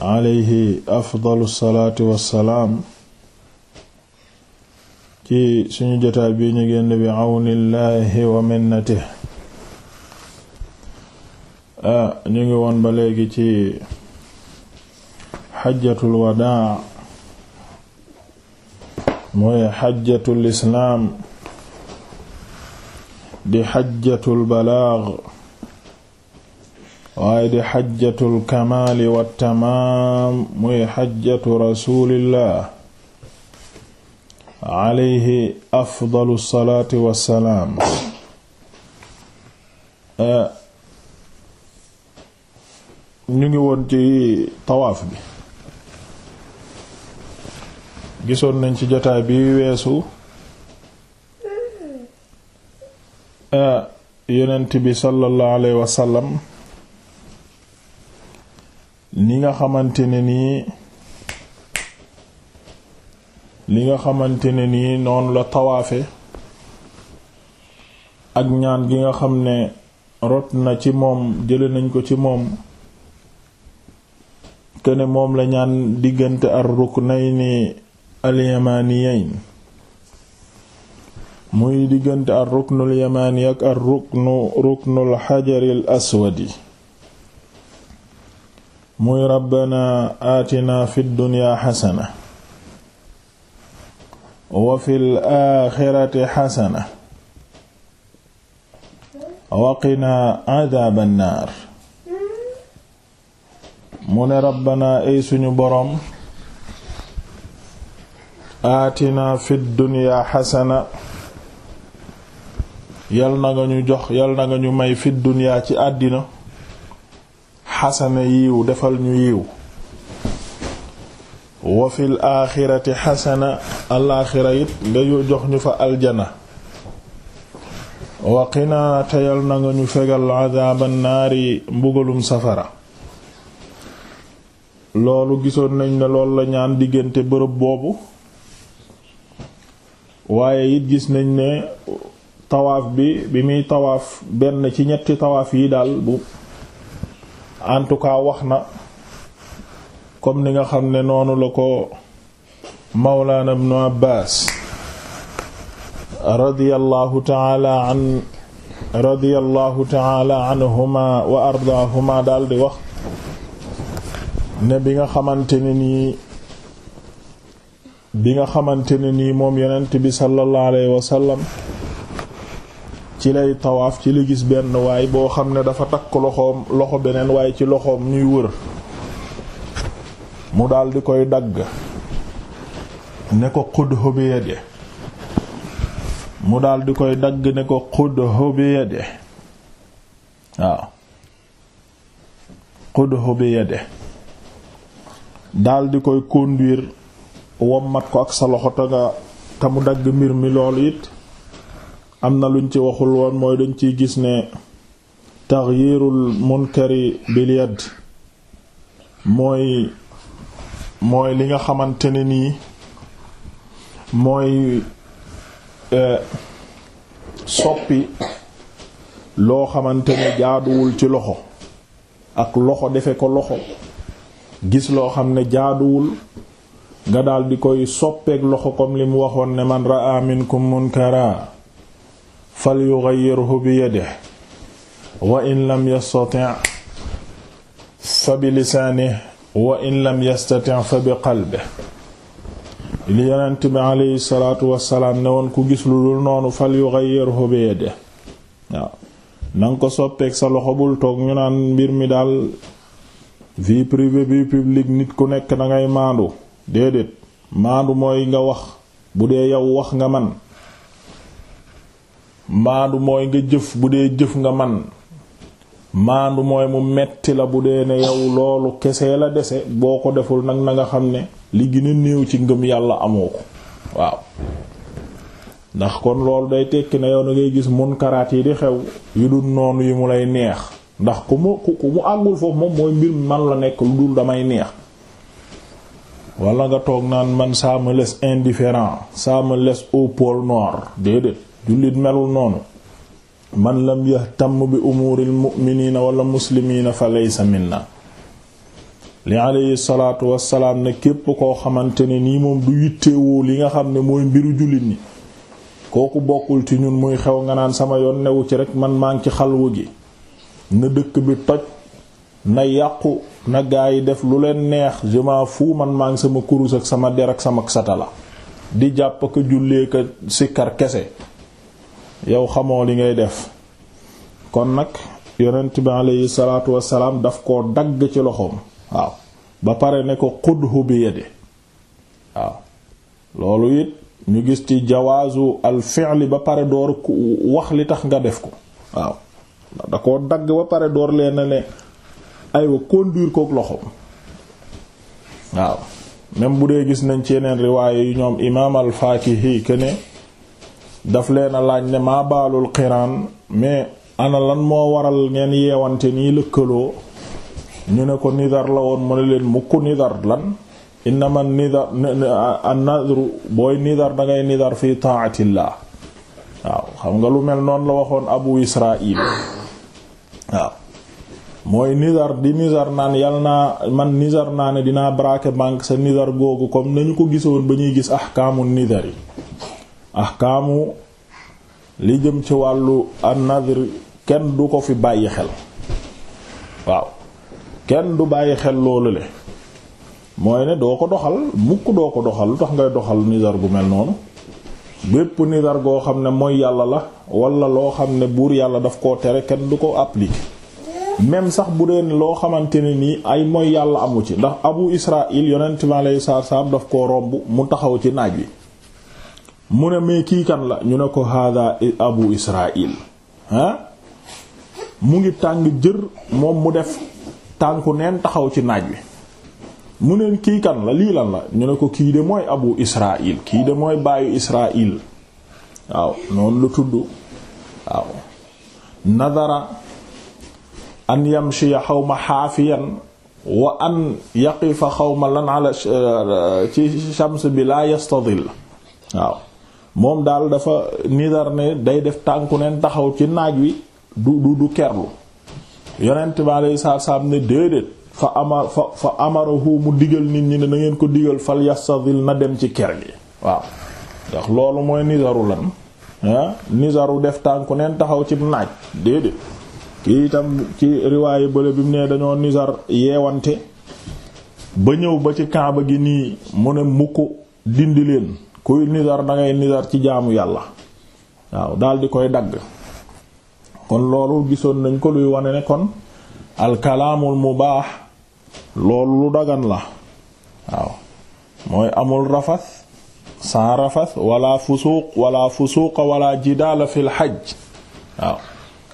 alayhi afdalu salaatu wassalaam ci suñu jotaay bi ñu génn bi awnillahi wa minnatihi ñu ngi woon ba léegi ci xajjatul wadaa mooy xajjatul islaam di xajjatul balaag waaye di xajjatul kamaali wa muy xajjatu rasulillah alayhi afdalu salaati wa ñu ngi woon ci tawaaf bi gisoon nañ ci jotaay bi weesu yonent bi sallallahu alayhi wasalam ni nga xamante ne nii li nga xamante ne nii noonu la tawaafe ak ñaan gi nga xam ne rot na ci moom jële nañ ko ci moom kene moom la ñaan diggante ar ruknayni al yamaniyayn muy diggante ar ruknul yamani ak ar ruknu ruknul xajaril aswadi muy rabbana aatina fi dunya xasana wa fil xasana wa qina adaaba annaar mu ne rabbana ay suñu boroom aatina fi dunya xasana yal na nga ñu jox yal na nga ñu may fi dunya ci àddina xasana yiw defal ñu yiw wa fil aaxirati xasana alaaxira it nga jox ñu fa aljana wa na teyal na nga ñu fegal adaaba naari mbugalum safara loolu gisoon nañ ne loolu la ñaan diggante bërëb boobu waaye it gis nañ ne tawaaf bi bi muy tawaaf benn ci ñetti tawaaf yi daal en tout cas wax na comme ni nga xam ne noonu la ko mawlaana ibnu abbaas radiyallahu taala an radiyallahu taala anhuma wa ardaahuma daal di wax ne bi nga xamante ne nii nga xamante ne nii moom yonent bi sallallahu alayhi wa ci lay tawaaf ci la gis benn waay boo xam ne dafa takk loxoom loxo beneen waaye ci loxoom ñuy wër mu daal di koy dagg ne ko xudd bi yade mu daal koy dagg ko xudhu bi yade waaw xudhu bi yade daal di koy conduire wommat ko ak sa loxo te mu dagg mbir mi loolu it am na luñ ci waxul woon mooy dañ ciy gis ne taxyirul munkari bil yad mooy mooy li nga xamante ne nii mooy e, soppi loo xamante ne jaaduwul ci loxo ak loxo defe ko loxo gis loo xam ne jaaduwul nga daal di koy soppeek loxo comme li mu waxoon ne man ra'a minkum munkara falyughayyirhu biyadihi wa in lam yastati' fa bilisaanihi wa in lam yastati' fa biqalbihi li yonent bi aleyhi wassalaam ne woon ku gis lu dul noonu fal yughayyirhu bi yadihi waaw nanga ko soppeek sa loxo bul toog ñu naan mbir mi daal vie privée vie publique nit ku nekk dangay maandu déedéet maandu mooy nga wax bu dee yow wax nga man maandu mooy nga jëf bu dee jëf nga man maandu mooy mu metti la bu dee ne yow loolu kese la dese boo ko deful nag na nga xam ne li gën a néew ci ngëm yàlla amoo ko waaw ndax kon loolu day tekki na yow da ngay gis munkaraat yi di xew yu dul noonu yi mu lay neex ndax ku mu ku mu àggul foofu moom mooy mbir man la nekk lu dul damay neex wala nga toog naan man ça me laisse indifférent ça me laisse au pôle déedéet jullit melul noonu man la lam yahtam bi umuuril mu'miniina wala muslimiina fa laysa minna li alayhi salaatu wassalaam ne képp koo xamante ne nii moom du yittewoo li nga xam ne mooy mbiru jullit ñi kooku bokkul ci ñun muy xew nga naan sama yoon newu ci rek man maa ngi ci xalwu gi na dëkk bi toj na yàqu na gaa yi def lu leen neex je fu man maa ngi sama kurus ak sama der ak sama satala di jàpp ko jullee ko sikkar kese yow xamoo li ngay def kon nag yonent bi aleyhi salaatu wasalaam daf koo dagg ci loxoom waaw ba pare ne ko xudhu bi yadi waaw loolu it ñu gis ci jawaazu al fi'li ba pare door wax li tax nga def ko waaw da koo dagg ba pare door leen ne aywa conduire kook loxoom waaw même bu dee gis nañ ci yeneen riwaaye yu ñoom imaam al kene daf leen a laaj ne maa baalul xiraan mais ana lan moo waral ngeen yeewante nii lëkkaloo ñu ne ko nidar la woon mu ne leen mukk nidar lan innama nidar an nadru booy nidar dangay nidar fi taatillah waaw xam nga lu mel noonu la waxoon abu israil waaw mooy nidar di nidar naan yal naa man nidar naa ne dinaa braquer banque sa nidar googu comme nañu ko gisoon ba ñuy gis ahkaamu nidar yi ahkaamu li jëm ci wàllu an kenn du ko fi bàyyi xel waaw kenn du bàyyi xel loolu le mooy ne doo ko doxal mukk doo ko doxal lu tax ngay doxal nizar gu mel noonu bépp nizar goo xam ne mooy yàlla la walla loo xam ne buur yàlla daf koo tere kenn du ko appliquer même sax bu dee loo xamante ne nii ay mooy yàlla amu ci ndax abu israil yonent mi alayhi salaam daf koo romb mu taxaw ci naaj wi mu ne mais kii kan la ñu ne ko hada abu israil ah mu ngi tàng jër moom mu def tànku neen taxaw ci naaj wi mu neen kii kan la lii lan la ñu ne ko kii de mooy abu israil kii de mooy baayu israil waaw noonu lu tudd waaw nadara an yamshiya xawma xaafiyan wa an yaqifa xawma lan eh, ci shams bi la yastadil waaw moom daal dafa nidar ne day def tànku neen taxaw ci naaj wi du du du kerlu yonent bi alayhi salaam ne déedéet fa amar fa fa amarahu mu digal nit ñi ne na ngeen ko digal fal yastadil na dem ci ker gi waaw ndax loolu mooy nizaru lan ah nizaru def tànku neen taxaw ci naaj déedéet kii itam ci riwaayu bële bi mu ne dañoo nizar yeewante ba ñëw ba ci kaaba gi nii mu ne mukk dindi leen kuy nidar da ngay ci jaamu yàlla waaw daal di koy dagg kon loolu gisoon nañ ko luy wane ne kon alkalaamul baax loolu lu dagan la waaw mooy amul rafas sans rafas wala fusuuq wala fusuuqa wala jidaala fil xaj waaw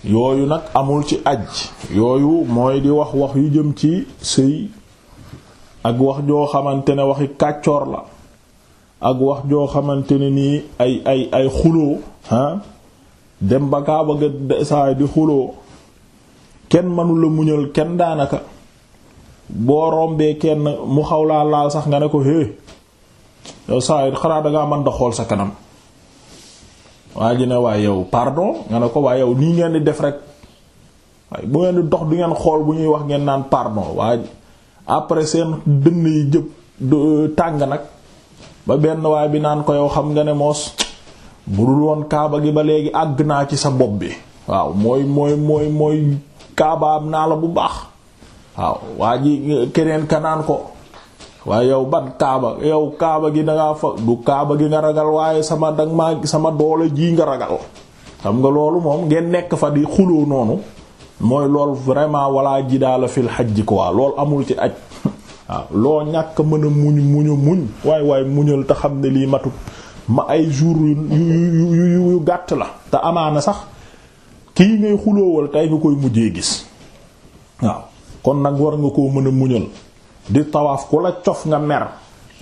yooyu nag amul ci aj yooyu mooy di wax wax yu jëm ci sëy ak wax joo xamante ne waxi kàccoor la ak wax joo xamante ne nii ay ay ay xuloo ah dem ba kaa bëgga saay di xuloo kenn mënula muñal kenn daanaka boo rombee kenn mu xaw laa laal sax nga ne ko hé yow saa yi xanaa dangaa mën da xool sa kanam waa ji ne waaye yow pardon nga ne ko waaye yow nii ngeen di def rek waaye bu ngeen di dox du ngeen xool bu ñuy wax ngeen naan pardon waa après seen dënn yi jëpp tàng nag ba benn waay bi naan ko yow xam nga ne moos bu dul woon kaaba gi ba léegi àgg naa ci sa bopp bi waaw mooy mooy mooy mooy kaabaam naa la bu baax waaw waa ji keneen kanaan ko waaye yow ban kaaba yow kaaba gi dangaa fa du kaaba gi nga ragal waaye sama dang maa sama doole jii nga ragal xam nga loolu moom ngeen nekk fa di xuloo noonu mooy lool vraiment wala ji daala fil xaj ji quoi loolu amul ci aj waaw loo ñàkk mën a muñ muñu muñ waay waay muñal te xam ne lii matut ma ay jour yu yu yu yu gàtt la te amaana sax kii ngay xuloowal tey nga koy mujjee gis waaw kon nag war nga koo mën a muñal di tawaaf ku la cof nga mer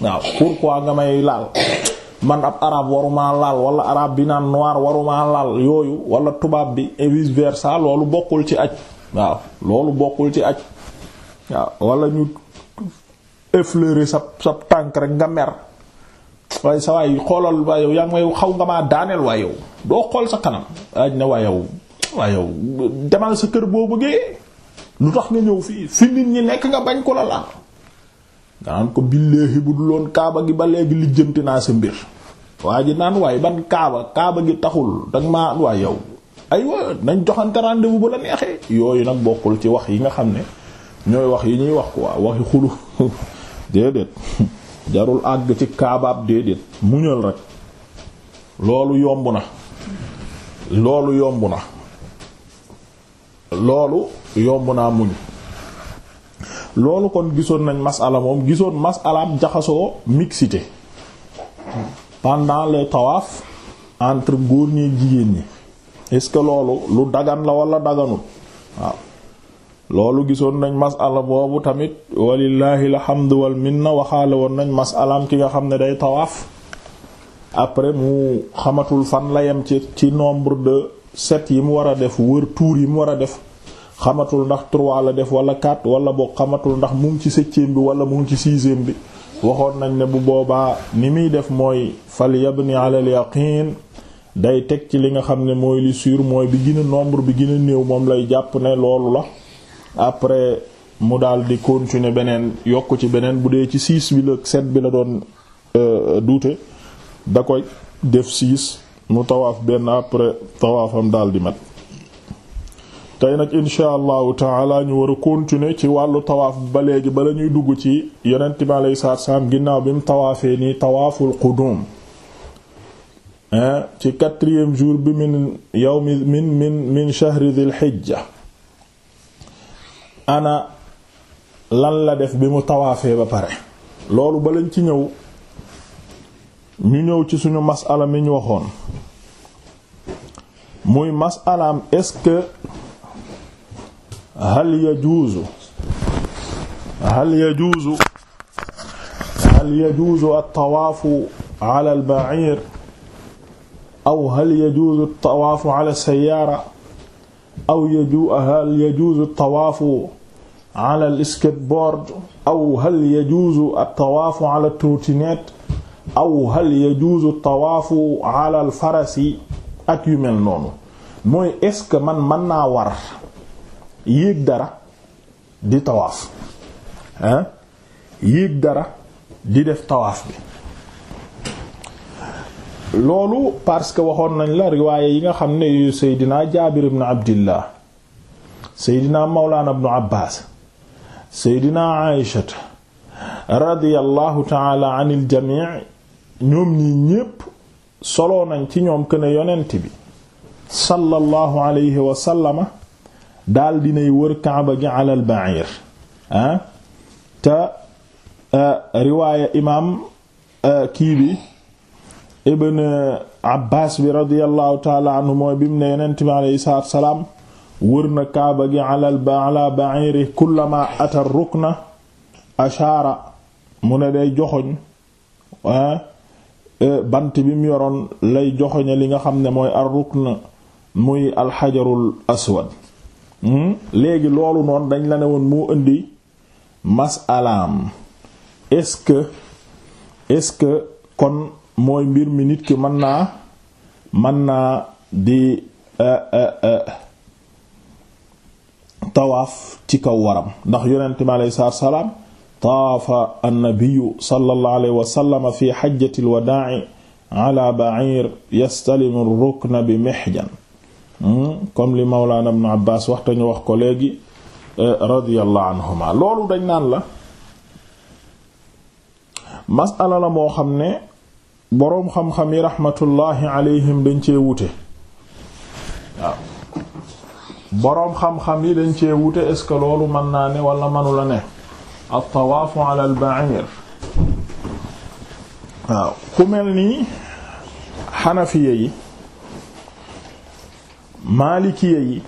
waaw pourquoi nga may laal man ab arabe waruma laal wala arabe bi naan noir waruma laal yooyu wala tubaab bi et vice versa loolu bokkul ci aj waaw loolu bokkul ci aj waaw wala ñu effleurer sa sa tànk rek nga mer waaye sa waay xoolal waaye yow yaa ngi may xaw nga maa daaneel waaye yow doo xool sa kanam aj na waaye yow waaye yow demal sa kër boo bëggee lu tax nga ñëw fii fi nit ñi nekk nga bañ ko la laal nga naan ko billaahi bu dul kaaba gi ba léegi lijjanti naa sa mbir waa ji naan waaye ban kaaba kaaba gi taxul danga maa waaye yow aywa nañ joxante rendez-vous ba la neexee yooyu nag bokkul ci wax yi nga xam ne ñooy wax yi ñuy wax quoi déedéet jarul àgg ci kaabaab déedéet muñal rek loolu yomb na loolu yomb na loolu yomb naa muñ loolu kon gisoon nañ masala moom gisoon masalaam jaxasoo mixité pendant le tawaaf entre góor ñi jigéen ñi est loolu lu dagan la walla daganul waaw loolu gisoon nañ masala boobu tamit walillahi alhamdu wal minna waxaale woon nañ masalaam ki nga xam ne day tawaaf après mu xamatul fan la yem ci ci nombre de set yi mu war a def wër tuur yi mu war a def xamatul ndax trois la def wala quatre wala boog xamatul ndax mu ci septième bi wala mu ngi ci sixième bi waxoon nañ ne bu boobaa ni muy def mooy fal yabni ala al day teg ci li nga xam ne mooy li mooy bi gën nombre bi gën a néew moom lay jàpp ne loolu la après mu daal di continuer beneen yokk ci beneen bu dee ci 6 bi la 7 bi la doon euh, duute da koy def 6 mu tawaaf benn après tawaafam daal di mat tey nag insha allahu taala ñu war a continuer ci wàllu tawaaf ba léegi ba ñuy dugg ci yonent bi alayhi salaatu salaam ginnaaw bi mu tawaafee nii tawaaful qudum ci quatrième jour bi min yow min min min shahri dhil hijja ana lan la def bi mu tawaafee ba pare loolu ba lañ ci ñëw ñu ñëw ci suñu masala mi ñu waxoon muy masalaam est-ce que hal yajuuzu hal yajuuzu hal yajuuzu at-tawaafu ala al-ba'iir aw hal yajuuzu at-tawaafu ala as-sayyaara aw hal yajuuzu at-tawaafu ala al skateboard aw hal yajuuzu al tawaafu al trottinette aw hal yajuuzu tawaafu ala al farasi ak yu mel noonu mooy est-ce man mën naa war yéeg dara di tawaaf yéeg dara di def tawaaf bi loolu parce que waxoon nañ la riwaaye yi nga xam ne yu seydinaa jaabir ibnu abdillah seydinaa mawlaana ibnu abbaas seydina aïshata radiyallahu taala an il jamii ñoom ñi ñépp soloo nañ ci ñoom que ne bi sallallahu alayhi wa daal dinay wër kaaba gi alal bair ah eh, te riwaaya imaam eh, kii bi ibn bi radiyallahu taala anhu mooy bi mu ne bi alayhi salaam wër na kaaba gi alal ba ala ba'iri kullama atar rukna ashaara mu ne day joxoñ ah, eh, bant bi mu yoroon lay joxoñe li nga xam ne mooy ar rukna muy alxajarul aswad hmm? léegi loolu noonu dañ la ne woon moo indi masalaam est-ce est-ce que kon mooy mbir mi nit ki mën naa mën naa di eh, eh, tawaaf ci kaw waram ndax yonent ma alayhi salaatu wa salaam taafa annabiyu sallallahu alayhi wa sallam fi hajjatil wadaa'i ala ba'ir rukna bi mihjan hmm? comme li mawlaana ibn Abbaas waxta wax ko léegi eh, radiyallahu anhuma loolu dañ naan la masala la moo xam ne boroom xam-xam yi raxmatullaahi alayhim dañ cee wute boroom xam-xam yi dañ cee wute est-ce que loolu mën naa ne wala mënu la ne at-tawaafu ala al waaw ku mel ni xanafiye yi maalikiye yi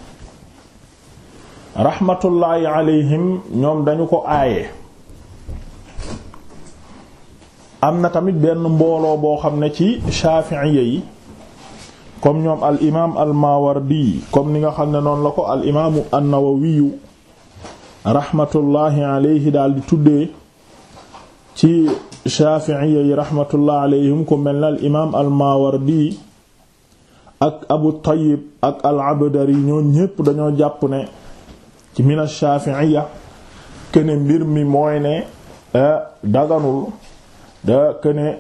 raxmatullaahi alayhim ñoom dañu ko aaye am na tamit benn mbooloo boo xam ne ci shaafiiye yi comme ñoom al imaam al maawardi comme ni nga xam ne noonu la ko al imaamu an-nawawiyu rahmatullahi alayhi daal di tuddee ci shaafi'iyya yi rahmatullahi alayhim ku mel na al imaam al maawardi ak abu tayyib ak al yi ñoo ñépp dañoo jàpp ne ci min ash-shaafi'iyya mbir mi mooy ne eh, daganul da eh,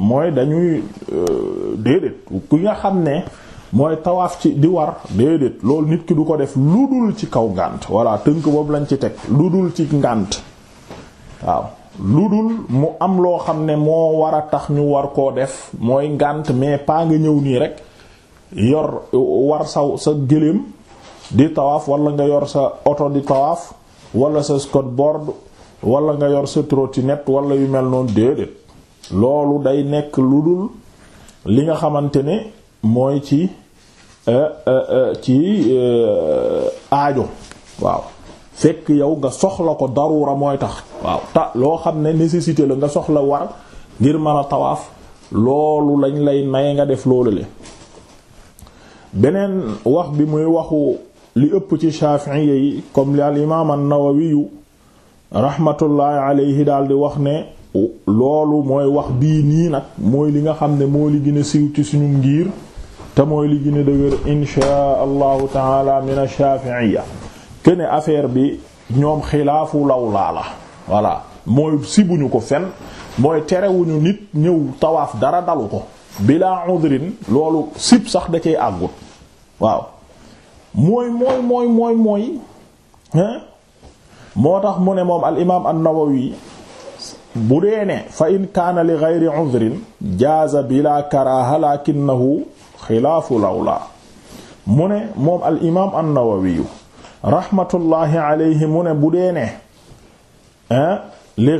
mooy dañuy euh, déedéet ku nga xam ne mooy tawaaf ci di war déedéet loolu nit ki du ko def lu dul ci kaw ngànt voilà tënk boobu lañ ci teg lu dul ci ngànt waaw lu dul mu am loo xam ne moo war a tax ñu war koo def mooy ngànt mais paa nga ñëw nii rek yor war saw sa gëléem di tawaaf wala nga yor sa oto di tawaaf wala sa skateboard wala nga yor sa trottinette wala yu mel noonu déedéet loolu day nekk lu dul li nga xamante ne mooy ci euh, euh, euh, ci aajo waaw fekk yow nga soxla ko darura mooy tax waaw ta loo xam ne nécessité la nga soxla war ngir mën a tawaaf loolu lañ lay may nga def loolu le beneen wax bi muy waxu li ëpp ci Shafi'iyya yi comme li al imaam an-Nawawi alayhi daal di wax ne loolu mooy wax bii nii nag mooy li nga xam ne moo li gën a siiw ci suñu ngir te mooy li gën a dëgër inchaa allahu taala min ash-shafi'iyya kene affaire bi ñoom xilaafu law laa la voilà mooy sibuñu ko fen mooy terewuñu nit ñëw tawaaf dara dalu ko bila udrin loolu sib sax da cay àggut waaw mooy mooy mooy moo tax mu ne moom al imam an-Nawawi bu dee ne fa in kaana li geyri udrin bila karaaha lakinnahu xilaafu lawla mu moom al imaam an-Nawawi rahmatullahi alayhi mu ne bu dee ne li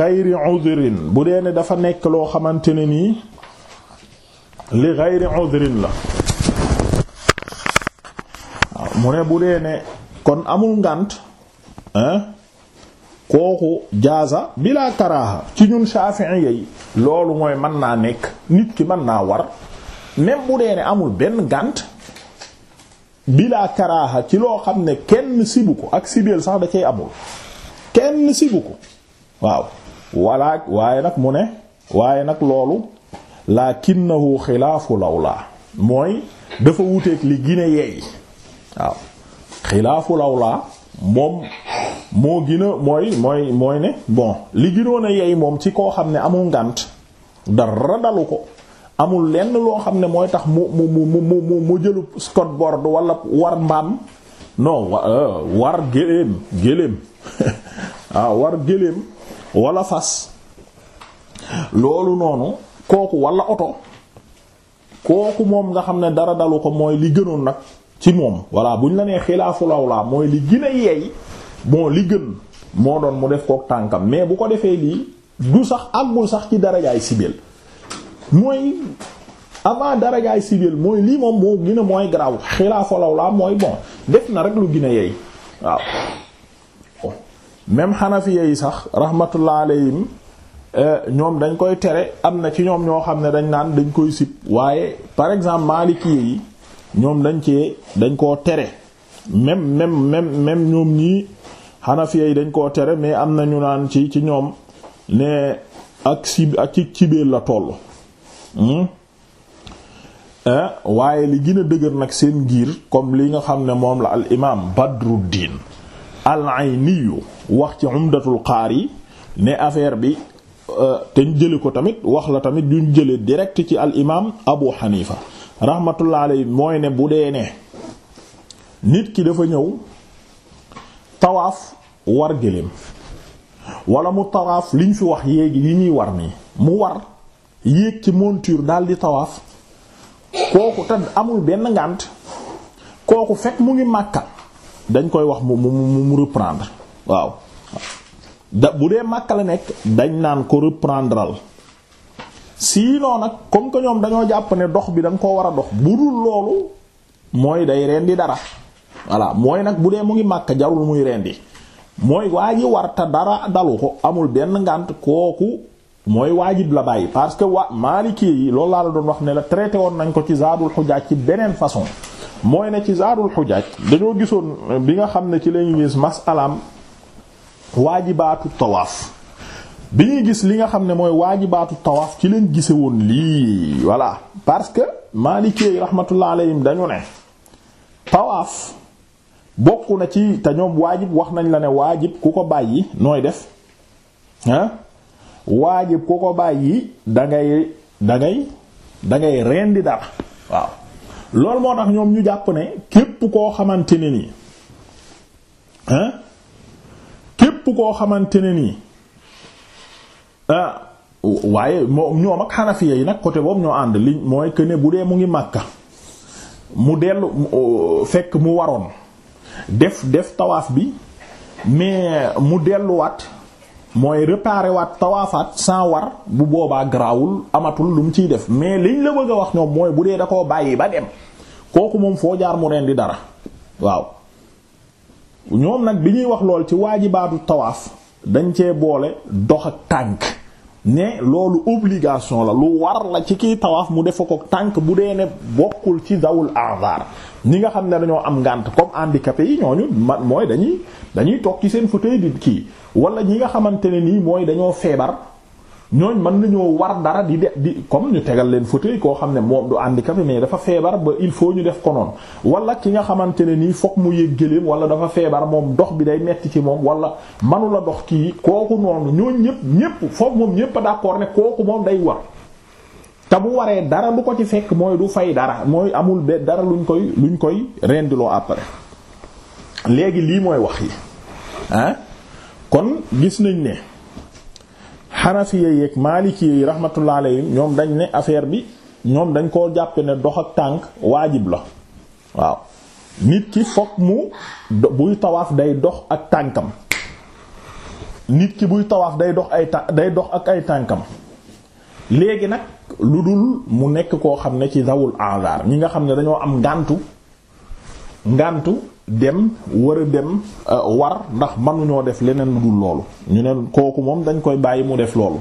geyri bu dee dafa nekk loo xamante ne nii li geyri la kon amul ngànt kooku jaasa bila karaaha ci ñun Shafi'i yi loolu mooy mën naa nekk nit ki mën naa war même bu dee ne amul benn gànt bila karaaha ci loo xam ne kenn sibu ko ak sibeel sax da cay amul kenn sibu ko waaw wala waaye nag mu ne waaye nag loolu lakinnahu xilaafu lawlaa mooy dafa wuteeg li gine yeey waaw xilaafu lawlaa moom moo gën mooy mooy mooy ne bon li gënoon a yey moom ci koo xam ne amul ngànt dara dalu ko amul lenn loo xam ne mooy tax mu mu mu mu mu mu jëlu skateboard wala war mbaam non euh, war géléem géléem waaw ah, war géléem wala fas loolu noonu kooku walla oto kooku moom nga xam ne dara dalu ko mooy li gënoon nag ci moom voilà buñ la nee xilaafu lawlaa mooy li gën a yeey bon li gën moo doon mu def kook tànkam mais bu ko defee lii du sax àggul sax ci darajaay sibeel mooy avant darajaay sibeel mooy lii moom moo gën mooy garaaw xilaafu laa mooy bon def na rek lu gën a yeey waaw même xanafiya yi sax rahmatullah alayhim euh, ñoom dañ koy tere am na ci ñoom ñoo xam ne dañ naan dañ koy sib waaye par exemple maliki yi ñoom dañ cee dañ koo tere même même même même ñoom ñii xanafiya yi dañ koo tere mais am na ñu naan ci ci ñoom ne ak si ak ci cibéel la toll hmm? eh, waaye li gën a dëgër nag seen ngir comme li nga xam ne moom la al imaam Badruddin al Ayni wax ci Umdatul yi ne affaire bi eh, te ñu jële ko tamit wax la tamit duñ jële direct ci al imaam Abu Hanifa rahmatullah alayhi mooy ne bu dee ne nit ki dafa ñëw tawaaf war gëléem wala mu tawaaf liñ fi wax yéegi yi ñuy war nii mu war yéeg ci monture daldi di tawaaf kooku te amul benn ngànt kooku fekk mu ngi màkka dañ koy wax mu mu mu reprendre waaw da bu dee màkka la nekk dañ naan ko reprendral sinon nag comme que ñoom dañoo jàpp ne dox bi da nga koo war a dox bu dul loolu mooy day rendi dara voilà mooy nag bu dee mu ngi màkk jarul muy rendi mooy waaji ji dara dalu ko amul benn ngànt kooku mooy waajib la bàyyi parce que waa Maliki yi loolu laa la doon wax ne la traité woon nañ ko ci Zadul Hujjaj ci beneen façon mooy ne ci Zadul Hujjaj dañoo gisoon bi nga xam ne ci lañu gis mas'alaam waajibaatu tawaaf bi ñuy gis li nga xam ne mooy waajibaatu tawaaf ci leen gise woon lii voilà parce que maalikee rahmatullah alayhim dañu ne tawaaf bokk na ci te ñoom waajib wax nañ la ne waajib ku ko bàyyi nooy def ah waajib ku bàyyi da ngay da ngay da ngay rendi dara waaw loolu moo tax ñoom ñu jàpp ne képp koo xamante ne nii képp koo xamante ne nii ah waaye ñoom ak xanafiya yi nag côté boobu ñoo ànd li mooy que ne bu dee mu ngi màkka mu dellu euh, fekk mu waroon def def tawaaf bi mais mu delluwaat mooy réparer waat tawaafaat sans war bu boobaa garaawul amatul lu mu ciy def mais liñ la bëgg a wax ñoom mooy bu dee da koo bàyyi ba dem kooku moom foo jaar mu di dara waaw ñoom nag bi ñuy wax lool ci waajibaatu tawaaf. dañ cee boole dox ak tànk ne loolu obligation la lu war la ci kiy tawaaf mu def ko tànk bu dee ne bokkul ci dawul azar ñi nga xam ne dañoo am ngànt comme handicapé yi ñooñu man mooy dañuy dañuy toog ci seen fauteuil di kii wala ñi nga xamante ne nii mooy dañoo feebar. ñooñ mën nañoo war dara di de di comme ñu tegal leen fauteuil koo xam ne moom du handicapé mais dafa feebar ba il faut ñu def ko noonu wala ki nga xamante ne nii fokk mu yëg gëléem wala dafa feebar moom dox bi day metti ci moom wala manu dox kii kooku noonu ñooñ ñëpp ñëpp foofu moom ñëpp d'accord ne kooku moom day war te bu waree dara du ko ci fekk mooy du fay dara mooy amul be dara luñ koy luñ koy rendiloo après léegi lii mooy wax yi ah kon gis nañ ne xanafiya yeeg maalikiya yi rahmatullah alayhim ñoom dañ ne affaire bi ñoom dañ koo jàppe ne dox ak tànk waajib la waaw nit ki fokk mu buy tawaaf day dox ak tànkam nit ki buy tawaaf day dox dox ak ay tànkam léegi nag lu dul mu nekk koo xam ne ci dawul angar ñi nga xam ne dañoo am ngàntu ngàntu dem war a dem euh, war ndax ñoo def leneen lu dul loolu ñu ne kooku moom dañ koy bàyyi mu def loolu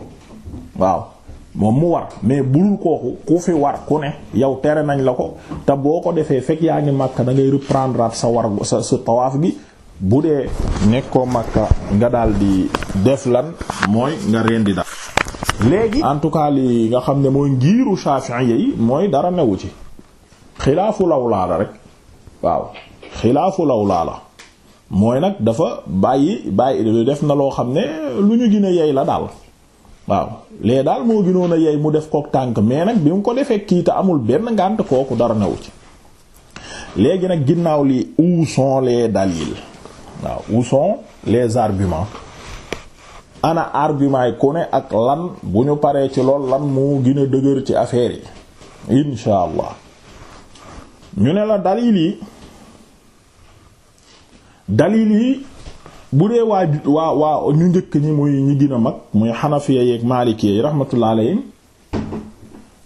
waaw moom mu war mais bulul kooku ku fi war ku ne yow tere nañ la ko te boo ko defee fekk yaa ngi màkka da ngay reprendre sa war sa sa tawaaf bi bu dee nekkoo Makka nga daal di def lan mooy nga rendi da léegi en tout cas li nga xam ne mooy ngiiru Shafi'i yi mooy dara newu ci xilaafu lawlaa rek waaw xilaafu law laa la mooy nag dafa bàyyi bàyyi def na loo xam ne lu ñu gën a yey la daal waaw lee daal moo gënoon a mu def kook tànk mais nag bi mu ko defee kii te amul benn ngànt kooku dara newu ci léegi nag ginnaaw li où sont les dalil waaw où sont les arguments ana argument yi ku ne ak lan bu ñu paree ci lool lan mu gën a dëgër ci affaire yi insha ñu ne la dalil yi dalil yi bu dee waa waa ñu njëkk ñi muy ñi gën a mag muy xanafiya yeeg maaliki yi rahmatullah alayhim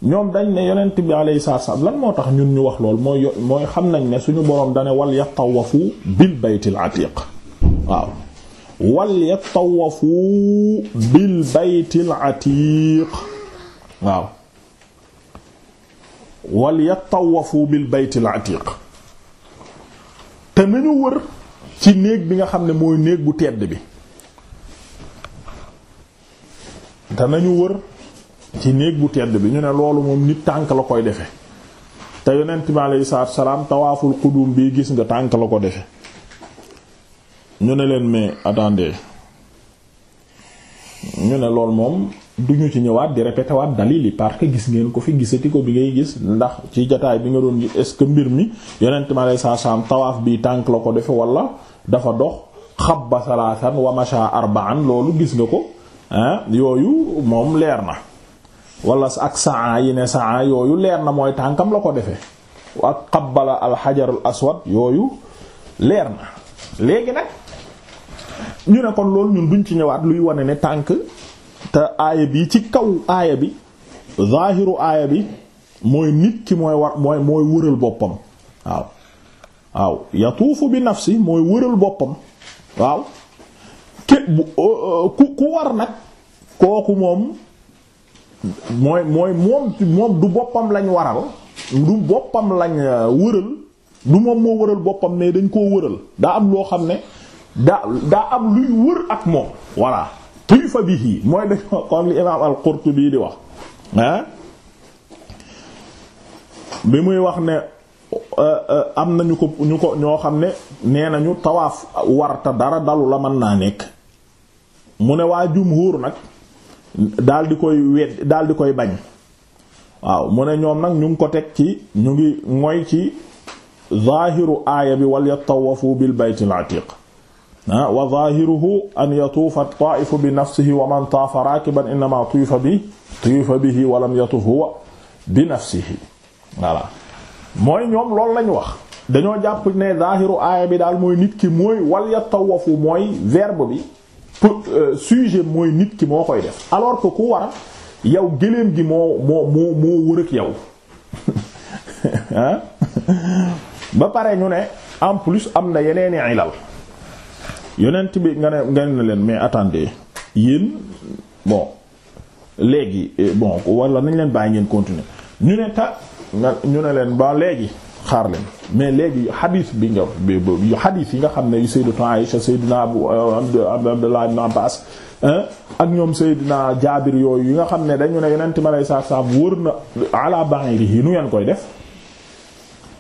ñoom dañ ne yonent bi alayhi salaam lan moo tax ñun ñu wax lool mooy mooy xam nañ ne suñu boroom dane wal yatawafu bil baytil atiq waaw wal yatawafu bil baytil atiq waaw wal yatawafu bil baytil atiq te nañu wër ci néeg bi nga xam ne mooy néeg bu tedd bi te nañu wër ci néeg bu tedd bi ñu ne loolu moom nit tànk la koy defe te yonent bi aleyhi salaatu salaam tawaaful qudum bi gis nga tànk la ko defe ñu ne leen mais attendez ñu ne lool moom duñu ci ñëwaat di répété waat yi parce que gis ngeen ko fi gisati ko bi ngay gis ndax ci jataay bi nga doon gis est-ce que mbir mi yonent bi aleyhi salaatu salaam tawaaf bii tànk la ko defe wala dafa dox xabba salaasan wa masha arba'an loolu gis nga ko ah yooyu moom leer na wala ak saa yi ne saa yooyu leer na mooy tànkam la ko defee ak xabbala alxajarul aswad yooyu leer na léegi nag ñu ne kon loolu ñun duñ ci ñëwaat luy wane ne tànk te aaya bi ci kaw aaya bi zaahiru aaya bi mooy nit ki mooy war mooy mooy wëral boppam waaw waaw yatuufu bi nafsi mooy wëral boppam waaw ké ku ku war nag kooku moom mooy mooy moom moom du boppam lañ waral du boppam lañ euh, wëral du moom moo wëral boppam ne dañ koo wëral daa am loo xam ne daa daa am luy wër ak moom voilà tuyfa bihi mooy dañoo comme li imaam al-Qurtubi di wax bi muy wax ne Euh, euh, am na ñu ko ñu ko ñoo xam ne nee nañu tawaaf warta dara dalu la man naa nekk mu ne waa jumhuur nag daal di koy wedd daal di koy bañ waaw mu ne ñoom nag ñu ngi ko teg ci ñu ngi moy ci zaahiru aaya bi wal yatawafu bil baytil atiq wa zaahiruhu an yatuufa taa'ifu bi nafsihi wa man taafa raakiban innama tuifa bi tuifa bihi walam yatuf huwa bi nafsihi voilà mooy ñoom loolu lañu wax dañoo jàpp ne zaahiru aaya bi daal mooy nit ki mooy wal yatawafu mooy verbe bi euh, sujet mooy nit ki moo koy def alors que ku war a yow gëléem gi moo moo moo moo wër yow ba pare ñu ne en plus am na yeneen yeneeni ilal yonent bi nga ne nga ne leen mais attendez yéen bon léegi eh, bon wala nañ leen bàyyi ngeen continuer ñu ne ta nga ñu ne leen ba léegi xaar leen mais léegi xadiis bi nga yu xadiis yi nga xam ne yu sayyidatu Aisha sayyidina Abu euh, Abdullah ibn Abbas ak ñoom sayyidina Jaabir yooyu yi nga xam ne dañu ne yonent ma lay saa saa wër na ala yi nu ngeen koy def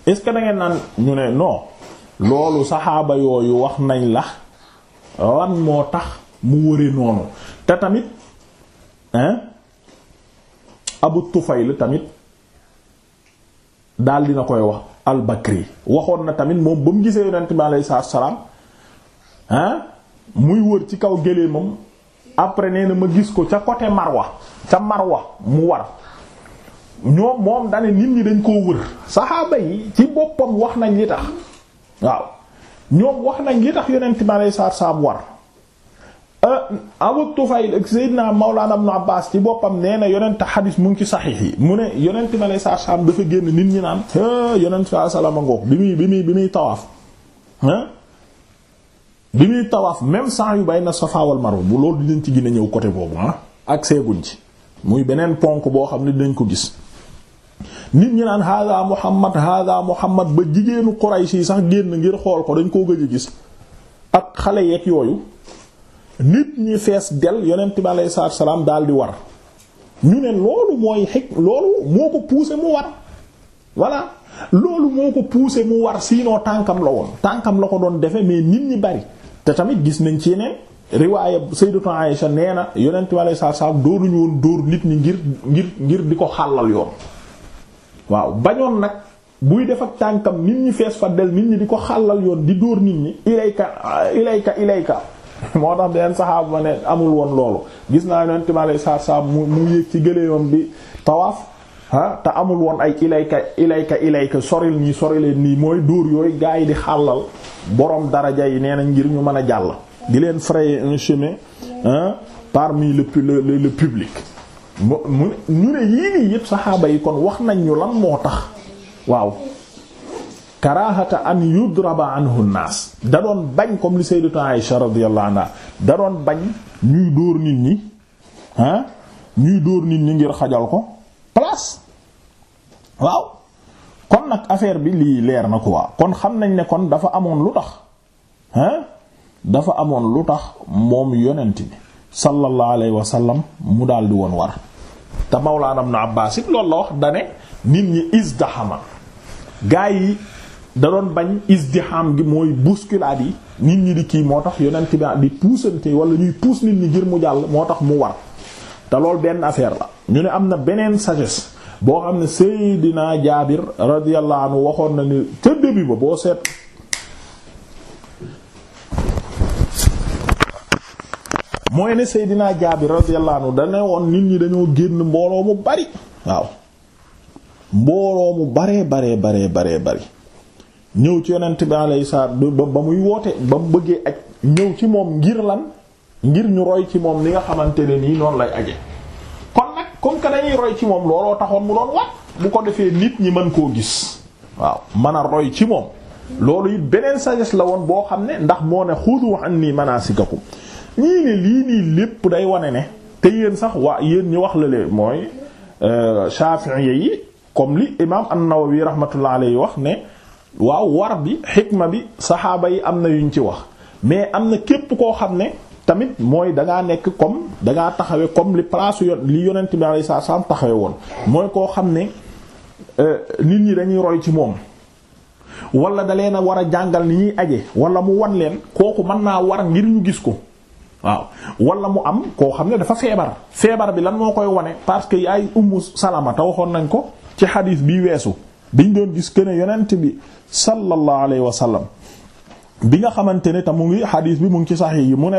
est-ce que da ngeen naan ñu ne non loolu saxaaba yooyu wax nañ la lan moo tax mu wëre noonu te tamit Abu Tufayl tamit daal dina koy wax al-Bakri waxoon na tamit moom ba mu gisee yonent bi alayhi salaatu salaam ah muy wër ci kaw géléemam après nee na ma gis ko ca côté Marwa ca Marwa mu war ñoom moom dane nit ñi dañ koo wër saxaaba yi ci boppam wax nañ li tax waaw ñoom wax nañ li tax yonent bi alayhi salaatu salaam war Euh, Abu Tufayl ak Seydina Mawlana Ibn Abbas ci boppam nee na yonent xadis mu ngi ci saxiix yi mu ne yonent ma lay saa saam dafa génn nit ñi naan yonent saa salaama ngoog bi muy bi muy bi muy tawaaf bi muy tawaaf même saa yu bayna Safa wal Marwa bu loolu dinañ ci gën a ñëw côté boobu ah ak seeguñ muy beneen ponk boo xam ne dinañ ko gis nit ñi naan hada Muhammad hada Muhammad ba jigéenu Quraysh yi sax génn ngir xool ko dañ ko gëj a gis ak xale yeeg yooyu. nit ñi fees del yonent bi aleyhi salaatu wa salaam daal di war ñu ne loolu mooy xëj loolu moo ko poussé mu war voilà loolu moo ko poussé mu war sinon tànkam la woon tànkam la ko doon defe mais nit ñi bari te tamit gis nañ ci yeneen riwaaya sayyidatu Aisha nee na yonent bi aleyhi salaatu wa woon dóor nit ñi ngir ngir di ko xàllal yoon waaw bañoon nag buy def ak tànkam nit ñi fees fa del nit ñi di ko xàllal yoon di dóor nit ñi ilayka ilayka ilayka moo tax benn saxaaba ma ne amul woon loolu gis naa yonent mi alayhi salaatu salaam mu mu yéeg ci gëléemam bi tawaaf ah te amul woon ay ilayka ilayka ilayka soril nii sorileen nii mooy dóor yooy gaa yi di xàllal borom daraja yi nee na ngir ñu mën a jàll di leen frayer un chemin parmi le le le public mu ñu ne yii nii yëpp saxaaba yi kon wax nañ ñu lan moo tax waaw karaahata an yudraba anhu naas da doon bañ comme li sayyidatu Aisha radiyallahu anha da doon bañ ñuy dóor nit ñi ah ñuy dóor nit ñi ngir xajal ko place waaw kon nag affaire bi lii leer na ko waaw kon xam nañ ne kon dafa amoon lu tax dafa amoon lu tax moom yonent bi sallallahu alayhi wa sallam mu daal di woon war te Mawlaana Ibn Abbaas it loolu la wax dane nit ñi isdaxama gaa yi da doon bañ isdiham gi mooy bousculade yi nit ñi di kii moo tax yonent bi di puusante wala ñuy puus nit ñi ngir mu jàll moo tax mu war te lool benn affaire la ñu ne am na beneen sagesse boo xam ne Seydina Jaabir radiyallahu anhu waxoon na ne boo seet mooy ne Seydina Jaabir radiyallahu anhu dane woon nit ñi dañoo génn mbooloo mu bari waaw mbooloo mu baree bare baree bare bari ñëw ci yonent bi alayhi salaam ba muy woote ba mu bëggee ak ñëw ci moom ngir lan ngir ñu roy ci moom li nga xamante ne nii noonu lay aje kon nag comme que dañuy roy ci moom looloo taxoon mu doon ko defee nit ñi mën koo gis waaw mën a roy ci moom loolu it beneen sagesse la woon boo xam ne ndax moo ne xudu anni manasikakum ñii ne lii nii lépp day wane ne te yéen sax waa yéen ñi wax la leen mooy euh, Shafi'i yi comme li imaam an-Nawawi rahmatullah alayhi wax ne waaw war bi xikma bi saxaaba yi am na yuñ ci wax mais am na képp koo xam ne tamit mooy da ngaa nekk comme da ngaa taxawe comme li place li yonent bi alayhi salaam taxawe woon mooy koo xam ne euh, nit ñi dañuy roy ci moom wala da leen a war a jàngal ni ñuy aje wala mu wan leen kooku mën naa war ngir ñu gis ko waaw wala mu am koo xam ne dafa feebar feebar bi lan moo koy wane parce que yaay ummu salama te waxoon nañ ko ci xadiis bi weesu biñ doon gis que ne bi sallallahu alayhi wa bi nga xamante ne te mu ngi mu ci sax yi mu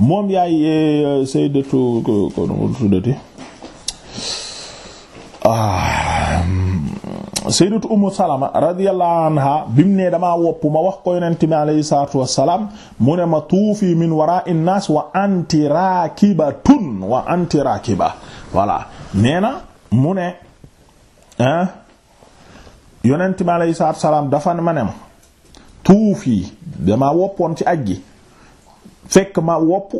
moom yaay eh, sayyidatu ko nu tuddati ah, sayyidatu radiyallahu anha bim ne damaa ma wax ko yonent bi alayhi salaatu wassalaam mu ma tuufi min wara'i naas wa anti raakibatun wa anti raakiba voilà nee na mu ah, yonent mi aleyhi salaatu salaam dafa ma ne ma tuuf yi woppoon ci aj gi fekk ma wopp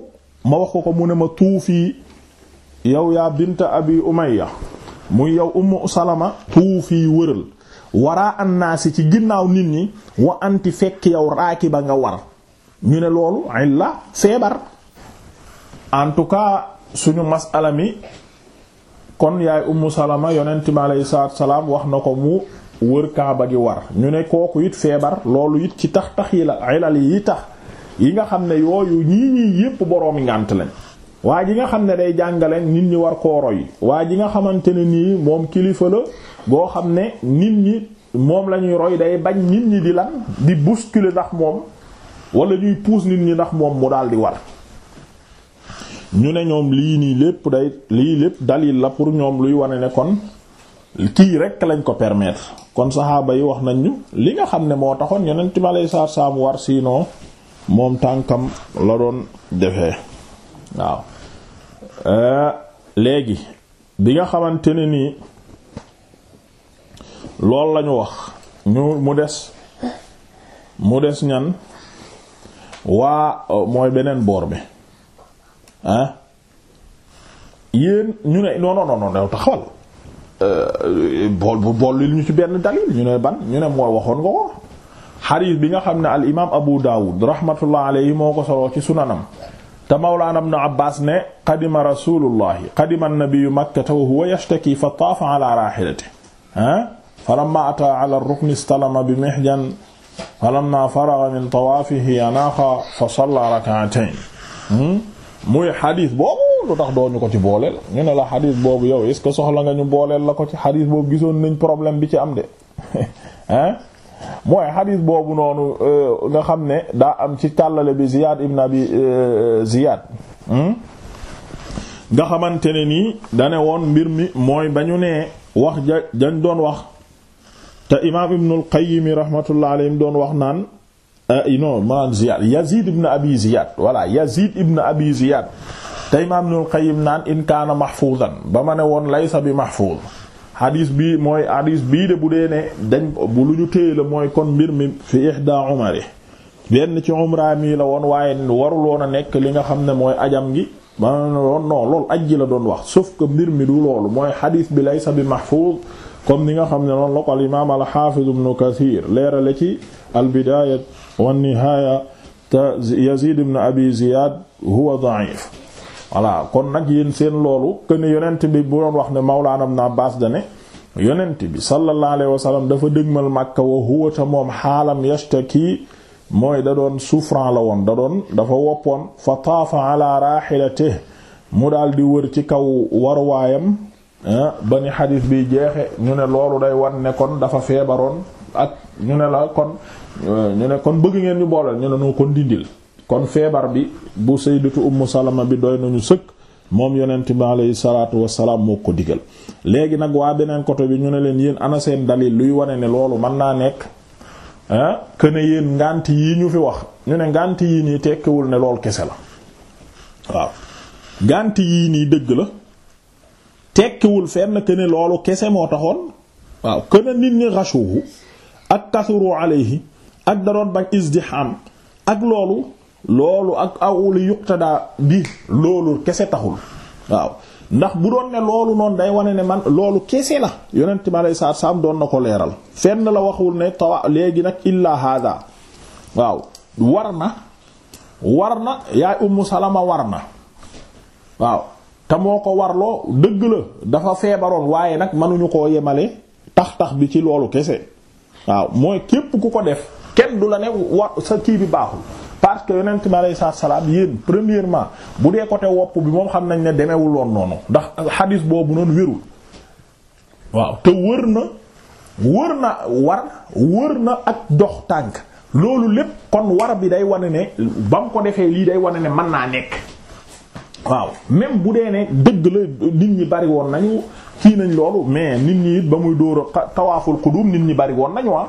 ma wax ko ko mu ne ma tuuf yi yow yaa binta abi umayya muy yow ummu salama tuuf yi wëral waraa annaasi ci ginnaaw nit ñi wa anti fekk yow raaki ba nga war ñu ne loolu illa en tout cas suñu masala mi kon yaay ummu salama yonent mi aleyhi salaam wax na ko mu wër kaaba gi war ñu ne kooku it feebar loolu it ci tax tax yi la ilal yi tax yi nga xam ne yooyu ñii ñii yépp boroomi ngànt lañ waa ji nga xam ne day jàngale nit ñi war koo roy waa ji nga xamante ne nii moom kilifa la boo xam ne nit ñi moom lañuy roy day bañ nit ñi di lan di bousculer ndax moom wala ñuy puus nit ñi ndax moom mu daal di war ñu ne ñoom lii nii lépp day lii lépp dalil la pour ñoom luy wane ne kon kii rek lañ ko permettre kon saxaaba yi wax nañ ñu li nga xam ne moo taxoon ñeneen ci time alay saar saam war siinoo moom tànkam la doon defee waaw euh, léegi bi nga xamante ne nii loolu lañu wax ñu mu des mu des ñan waa euh, mooy beneen boor bi ah yéen ñu ne non non taxawal Euh, euh, bool bu boolil ñu ci benn dalil ñu ne ban ñu ne mooy waxoon nga ko xadiis bi nga xam ne al imaam Abu Dawud rahmatullah alayhi moo ko soloo ci sunanam te mawlaana ibn Abbaas ne qadima rasulullahi qadima an-nabiyyu makkata wa huwa yashtaki fa taafa ala raahilatihi fa lamma ataa ala ar-rukni istalama bi mihjan fa lamma faragha min tawaafihi anaaxa fa salla rak'atayn hmm? muy xadiis boobu lu tax doo ñu ko ci booleel ñu ne la xadis boobu yow est ce que soxla nga ñu booleel la ko ci xadis boobu gisoon nañ problème bi ci am de mooy xadis boobu noonu euh, nga xam ne daa am ci tàllale bi Ziyad ibn Abi euh, Ziyad hmm? nga xamante ne nii dane woon mbir mi mooy ba ñu nee wax ja dañ doon wax te imaam Ibn al-Qayyim rahmatullah alayhi doon wax naan euh, non maanaam Ziyad Yazid ibn Abi Ziyad voilà Yazid ibn Abi Ziyad te imaam Ibnul Qayyim naan in kaana mahfuuzan ba ma ne woon laysa bi mahfuuz hadis bii mooy hadis bii de bu dee ne dañ bu lu ñu téye mooy kon mbir mi fi ihda umari benn ci umra mi la won waaye warul woon a nekk li nga xam ne mooy ajam gi ma ne woon non loolu ajji la doon wax sauf que mbir mi du loolu mooy hadis bi laysa bi mahfuuz comme ni nga xam ne noonu la ko al imaam al haafiz ibn Kasiir leerale ci al bidaaya wan nihaaya te Yaziid ibn Abi Ziyaad huwa da'if voilà kon nag yéen seen loolu que ne yonent bi bu doon wax ne Mawlaana Ibn baas da ne yonent bi sallallahu alayhi wa sallam dafa dëgmal Makka wa huwa ta moom xaalam kii mooy da doon souffrant la woon da doon dafa woppoon fa taafa ala rahilatihi mu daal di wër ci kaw warwaayam ah, ba ni xadis bi jeexe ñu ne loolu day wan ne kon dafa feebaroon ak ñu ne la kon ñu ne kon bëgg ngeen ñu booleel ñu ne noo kon dindil kon feebar bi bu sayyidatu ummu salama bi doy nañu sëkk moom yonent bi alayhi salaatu wasalaam moo ko digal léegi nag waa beneen côté bi ñu ne leen yéen ana seen dalil luy wane ne loolu mën naa nekk ah ne yéen ngànt yi ñu fi wax ñu ne ngànt yi nii tekkiwul ne lool kese la waaw ngànt yi nii dëgg la tekkiwul fenn que loolu kese moo taxoon waaw que ne nit ñi rashuhu ak kasuru alayhi ak da doon bañ izdiham ak loolu. loolu ak awuli yuqtada bi loolu kese taxul waaw ndax bu doon ne loolu noonu day wane ne man loolu kese la yonent ma alayhi salaatu salaam doon na ko leeral fenn la waxul ne tawa léegi nag illa hada waaw war na war na yaay ummu salama war na waaw te moo ko warloo dëgg la dafa feebaroon waaye nag mënuñu koo yemale tax-tax bi ci loolu kese waaw mooy képp ku ko def kenn du la ne war sa kii bi baaxul parce que yonent mi alayhi salaatu yéen premièrement bu dee côté wopp bi moom xam nañ ne demewul loon noonu ndax xadiis boobu noonu wérul waaw te wër na wër na war wër na ak dox tànk loolu lépp kon war bi day wane ne ba ko defee lii day wane ne mën naa nekk waaw même bu dee ne dëgg la nit ñi bari woon nañu kii nañ loolu mais nit ñi ba muy dóor a tawaaful xudum nit ñi bari woon nañu ah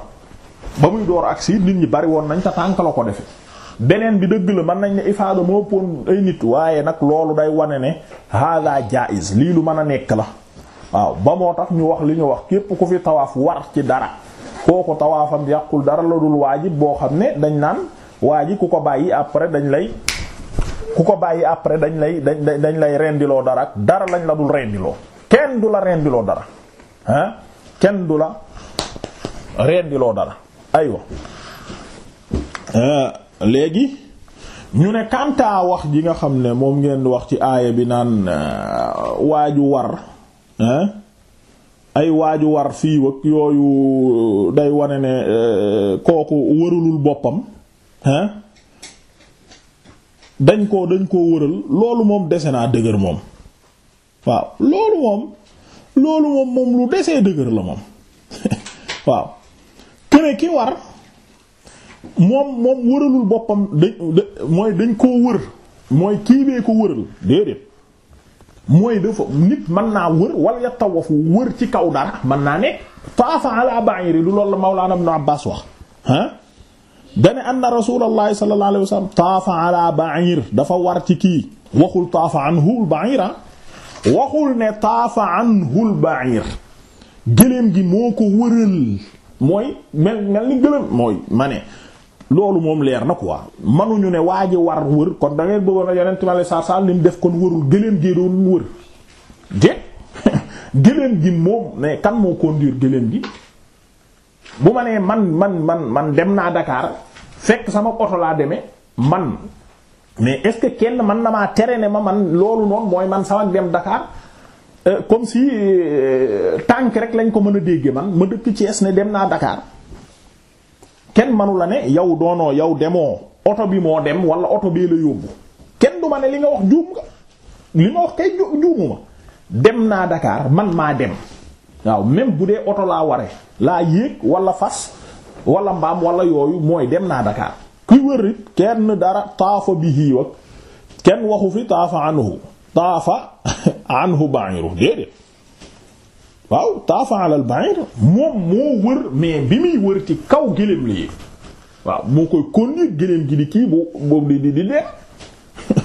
ba muy door agsi nit ñi bari woon nañ te tànk la ko defe beneen bi dëgg la mën nañ ne ifaada moo pon ay nit waaye nag loolu day wane ne hada jaiz lii lu mën a nekk la waaw ba moo tax ñu wax li ñu wax képp ku fi tawaaf war ci dara kooku tawaafam yàqul dara la dul waajib boo xam ne dañ naan waajib ku ko bàyyi après dañ lay ku ko bàyyi après dañ lay dañ dañ lay rendiloo dara ak dara lañ la dul rendiloo kenn du la rendiloo dara ah kenn du la rendiloo dara aywa léegi ñu ne kàntaa wax ji nga xam ne moom ngeen wax ci aaya bi naan euh, waaju war ay waaju war fii wag yooyu day wane ne euh, kooku wëralul boppam dañ ko dañ koo wëral loolu moom dese naa dëgër moom waaw loolu moom loolu moom moom lu desee dëgër la moom waaw kene ki war moom moom wëralul boppam dañ dañ koo wër mooy kii bee ko wëral déedéet mooy dafa nit mën naa wër wala ya tawafu wër ci kaw dara mën naa ne faafa ala ba'iri lu loolu la Mawlana Ibn Abbas wax ah dane anna rasulallahi sallallahu alayhi wasallam dafa war ci kii waxul taafa anhu al-ba'ira waxul ne taafa anhu al-ba'ir gëléem gi moo ko wëral mooy mel mel ni gëléem mooy ma ne loolu moom leer na quoi manuñu ne waa ji war wër kon da ngeen bëggoon a yonent ma la saa saa lim def kon wërul gëléem gee doon wër de gëléem gi moom mais kan moo conduire gëléem gi bu ma nee man man man man dem naa dakaar fekk sama oto laa demee man mais est-ce que kenn man na maa tere ne ma man loolu noonu mooy man sama dem Dakar euh, comme si euh, tànk rek lañ ko mën a déggee man ma dëkk Thiès ne dem naa dakaar kenn manu la ne yow doonoo yow demoo oto bi moo dem wala oto bee la yóbbu kenn du ne li nga wax juum nga li nga wax kay juumu ma dem naa dakaar man maa dem waaw même bu dee oto laa ware laa yéeg walla fas wala mbaam walla yooyu mooy dem naa Dakar kuy wër it kenn dara taafa bi hiiw kenn waxu fi taafa anhu taafa anhu ba'iru déedéet waaw taafa alal ba'ir moom moo wër mais bi muy wër ci kaw gëléem lii waaw moo koy conduire gëléem gi di kii bu boobu di di di dem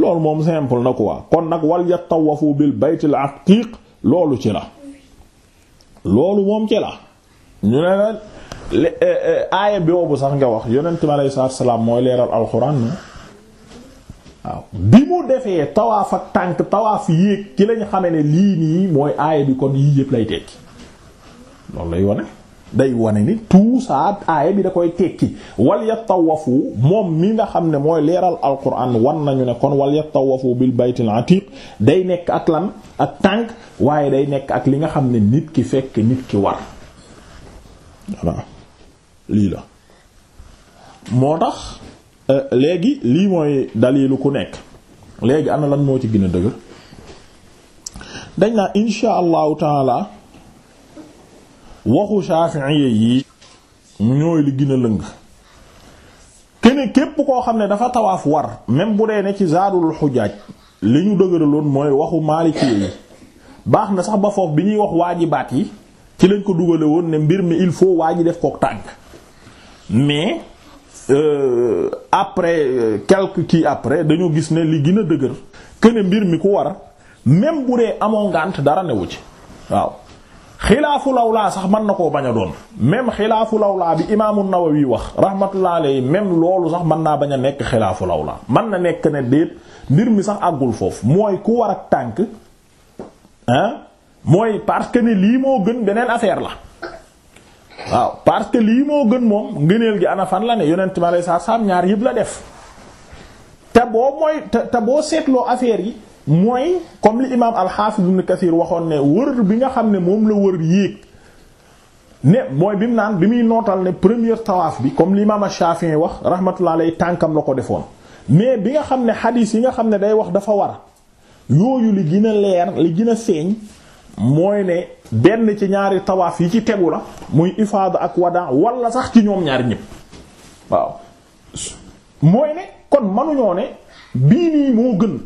loolu moom simple na waa kon nag wal yatawafu bil baytil atiq loolu ci la loolu moom ci la ñu ne eh, eh, aaya boobu sax nga wax yonent bi alayhi salaam mooy leeral alxuraan waaw bi mu defee tawaaf ak tànk tawaaf yéeg ki lañ xame ne lii nii mooy aaya bi kon yii yëpp lay tekki loolu lay wane day wane ni tout ça aaya bi da koy tekki wal yatawafu moom mi nga xam ne mooy leeral alquran wan nañu ne kon wal yatawafu bil baytil atiq day nekk ak lan ak tànk waaye day nekk ak li nga xam ne nit ki fekk nit ki war lii la moo tax Euh, léegi lii mooy dalilu ku nekk léegi na lan moo ci gën a dëgër dañ naa insha allahu taala waxu Shafi'i yi ñooy li gën a lëng kene képp koo xam ne dafa tawaaf war même bu dee ne ci zaadul xujaaj li ñu dëgëraloon mooy waxu Maliki yi baax na sax ba foofu bi ñuy wax waajibaat yi ci lañ ko dugale woon ne mbir mi il faut waa ji def kook tànk mais Euh, après euh, quelques kii après dañoo gis ne li gin a dëgër que mbir mi ku war même bu dee amoo ngànt dara newu ci waaw xilaafu lawlaa sax mën na koo bañ a doon même xilaafu lawlaa bi imaamu Nawawi wax rahmatullah alayhi même loolu sax mën naa bañ a nekk xilaafu lawlaa mën na nekk ne déet mbir mi sax àggul foofu mooy ku war ak tànk ah mooy parce que ni lii moo gën beneen affaire la. waaw parce que lii moo gën moom ngëneel gi ana la ne yonent mi alayhi salaam ñaar yëpp la def te boo mooy te te seetloo affaire yi mooy comme li imaam al-Hafiz Ibn waxoon ne wër bi nga xam ne moom la wër yéeg ne mooy bi mu naan bi muy nootal ne première tawaaf bi comme li imaam Shafi'i wax rahmatullah alayhi tànkam la ko defoon mais bi nga xam ne xadiis yi nga xam ne day wax dafa war yooyu li gën leer li gën a feeñ mooy ne. benn ci ñaari tawaaf yi ci tegu la muy ifaada ak wada wala sax ci ñoom ñaari ñëpp waaw mooy ne kon manuñoo ne bii nii moo gën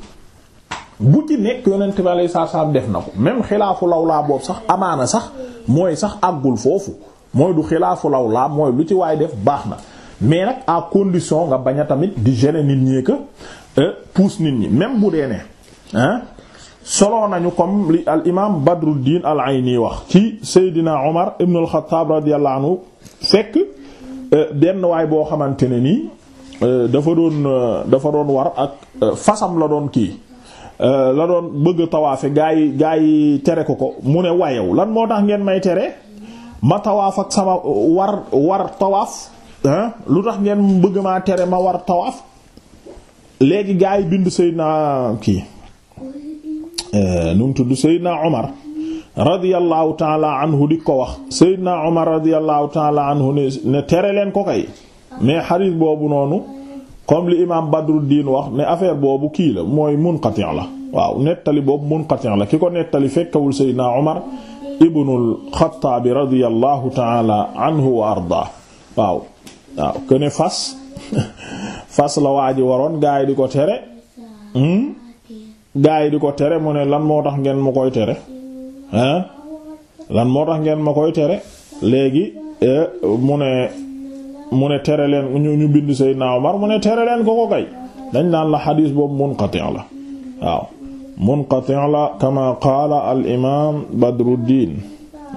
bu ci nekk yonent bi alayhi salaam def na ko même xilaafu lawlaa boobu sax amaana sax mooy sax àggul foofu mooy du xilaafu laa mooy lu ci waay def baax na mais nag à condition nga bañ a tamit di gêner nit ñi que euh, pousse nit ñi même bu dee ne ah solo nañu comme li al imaam Badruddin al Ayni wax ci Seydina Omar ibn al-Khattab radiyallahu anhu fekk euh, benn waay boo xamante ne nii euh, dafa doon euh, dafa doon war ak fasam la doon kii la doon bëgg tawaafe gaa yi gaa yi tere ko ko mu ne wayew lan moo tax ngeen may tere ma tawaaf ak sama war war lu tax ngeen bëgg maa tere ma war tawaaf léegi gaa yi bind Seydina kii Eh, nu mu tudd Seydina Omar radiyallahu taala anhu ne tere leen ko kay mais xadis boobu noonu comme li imaam Badruddin wax ne affaire boobu kii la mooy munqati' la waaw nettali boobu munqati' la ki ko nettali fekkewul Seydina Omar ibnul Xattaab radiyallahu taala anhu wa ardaa waaw waaw fas fas la waa waroon gaa di ko tere. Hmm? gaa yi di ko tere mu ne lan moo tax ngeen ma koy tere lan moo tax ngeen ma koy tere léegi eh, mu ne mu ne tere leen ñu ñu bind Seydina Omar ko ko kay dañ naan la xadiis boobu munqati' la waaw munqati' la kama qaala al imaam Badruddin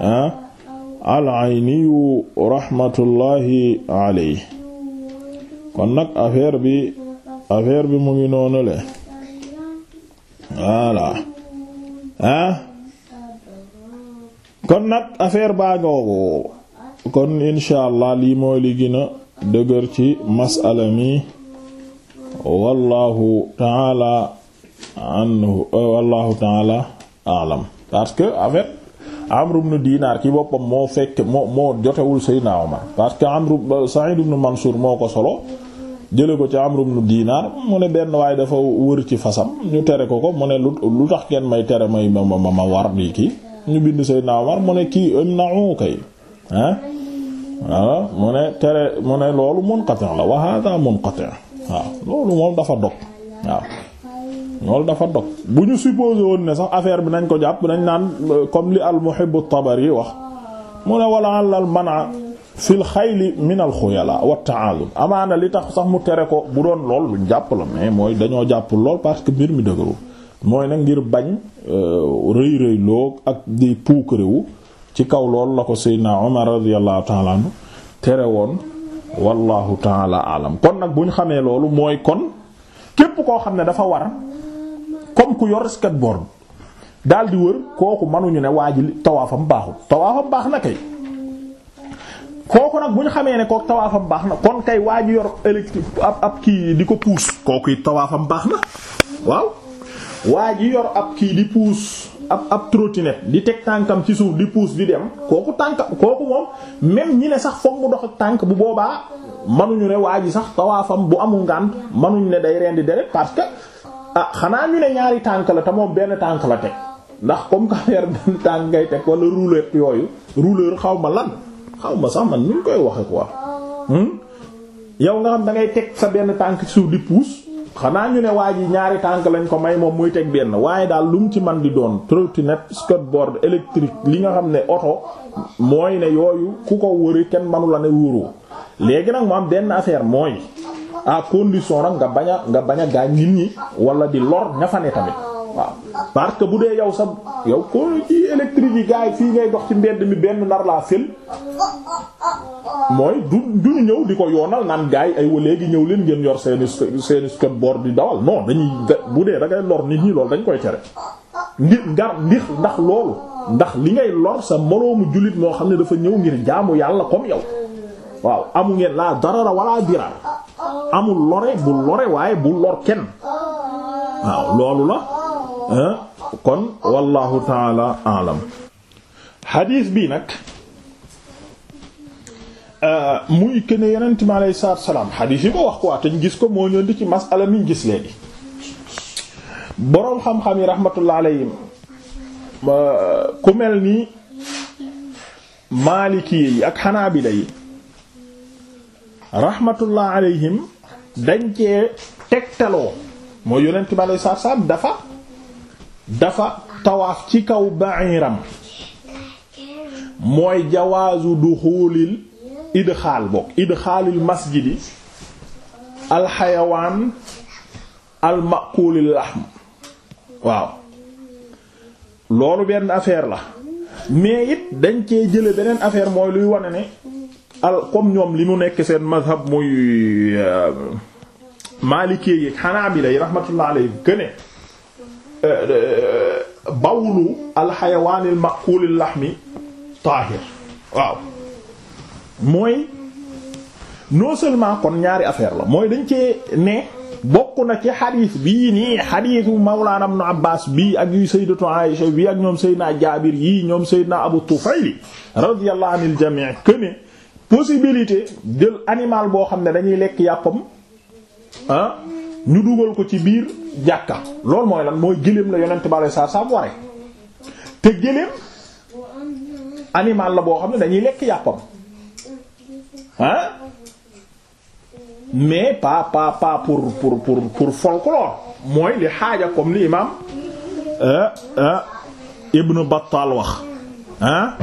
ah al ayniyu rahmatullahi alayhi kon nag affaire bi affaire bi mu ngi noonu le voilà ah kon nag affaire baa ngoogu kon insha allah lii mooy li gina dëgër ci masala mi wallahu taala anhu wallahu taala alam parce que en fait Amr ibn ki boppam moo fekk moo moo jotewul Seydina Omar parce que Amr Sa'id ibn Mansur moo ko solo jële ko ci Amru ibn Dinar mu ne benn waaye dafa wër ci fasam ñu tere ko ko mu ne lu tax kenn may tere may ma ma ma war di kii ñu bind Seydina Omar mu ne kii na imna'u kay ah waaw mu ne tere mu ne loolu munqati' la wa hadha munqati' waaw loolu moom dafa dog waaw loolu dafa dog bu ñu supposé woon ne sax affaire bi nañ ko jàpp nañ naan comme li al-Muhibb at-Tabari wax mu ne wala al man'a fil xayli min al xuyala wa ta'alum amaana li tax sax mu tere ko bu doon lool luñ jàpp la mais mooy dañoo jàpp lool parce que mbir mi dëgërul mooy nag ngir bañ euh, rëy rëy loo ak di puukarewu ci kaw lool la ko Seydina Omar radiyallahu ta'ala tere woon wallahu ta'ala alam kon nag bu ñu xamee loolu mooy kon képp koo xam ne dafa war comme ku yor skateboard daal di wër kooku mënuñu ne waa ji tawaafam baaxul tawaafam baax na kay. kooku nag bu ñu xamee ne kooku tawaafam baax na kon kay waa ji yor électrique ab ab kii di ko puus kooku it tawaafam baax na waaw waa ji yor ab kii di puus ab ab trottinette di teg tànkam ci suuf di puus di dem kooku tànk kooku moom même ñi ne sax foog mu dox ak tànk bu boobaa manuñu ne waa yi sax tawaafam bu amul ngànt manuñu ne day rendi deret parce que ah xanaa ñu ne ñaari tànk la te moom benn tànk la teg ndax comme que affaire benn tànk ngay teg wala roulette yooyu rouleur xaw ma lan. xaw man nuñ koy waxe quoi hmm? yow nga xam dangay teg sa benn tànk ci suuf di puus xanaa ñu ne waa yi ñaari tànk lañ ko may moom muy teg benn waaye daal lu mu ci man di doon trottinette skateboard électrique li nga xam ne oto mooy ne yooyu ku ko wëri kenn manu la ne wóoroo léegi nag mu am benn affaire mooy a condition nag nga bañ nga bañ a gaañ nit ñi wala di lor ña fa ne tamit waaw parce que bu dee yow sa yow ko ci électrique yi gars fii ngay dox ci mbedd mi benn nar laa fël mooy du duñu ñëw di ko yoonal naan gars yi ay wa léegi ñëw leen ngeen yor seeni seeni skateboard di dawal non dañuy bu dee da ngay lor nit ñi loolu dañ koy tere ngir gar ndix ndax loolu ndax li ngay lor sa moroomu jullit moo xam ne dafa ñëw ngir jaamu yàlla comme yow waaw amu ngeen laa darara wala dirar amul lore bu lore waaye bu lor kenn waaw loolu la kon wallahu taala alam xadiis bi nag euh, muy këne yonent mi alayhi salaatu salaam xadiis yi ko wax ko te ñu gis ko moo ñëw di ci masala miñ gis léegi boroom xam-xam yi raxmatullah alayhim ku mel ni maaliki yi ak xanaabila yi raxmatullah alayhim dañ cee tegtaloo mooy yonent mi alayhi salaam dafa dafa tawaaf ci kaw ba'iram mooy jawaazu duxuulil idxaal bokk idxaalil masjidi alxayawaan almaquulil lahm waaw loolu benn affaire la mais it dañ cee jële beneen affaire mooy luy wane ne al comme ñoom li mu nekk seen mazhab muy euh, maalikee yi xanaabila yi rahmatullah alayhi këne bawlu alxayawaanil makulil laxmi taahir waaw mooy non seulement kon ñaari affaire la mooy dañ cee ne bokk na ci xadiis bii nii xadiisu mawlaana ibnu Abbaas bii ak yu sayyidatu Aysa bii ak ñoom sayyidina Jaabir yii ñoom sayyidina Abu Tufayli radiyallahu anil jamii que possibilité jël animal boo xam ne dañuy lekk yàppam ah, ñu dugal ko ci biir jàkka loolu mooy lan mooy gëléem la yonent bale saa saam ware te gëléem animal la boo xam ne dañuy lekk yàppam ah mais pas pa pas pour pour pour pour folklore mooy li xaaja comme li imaam euh, euh, Ibn Battal wax ah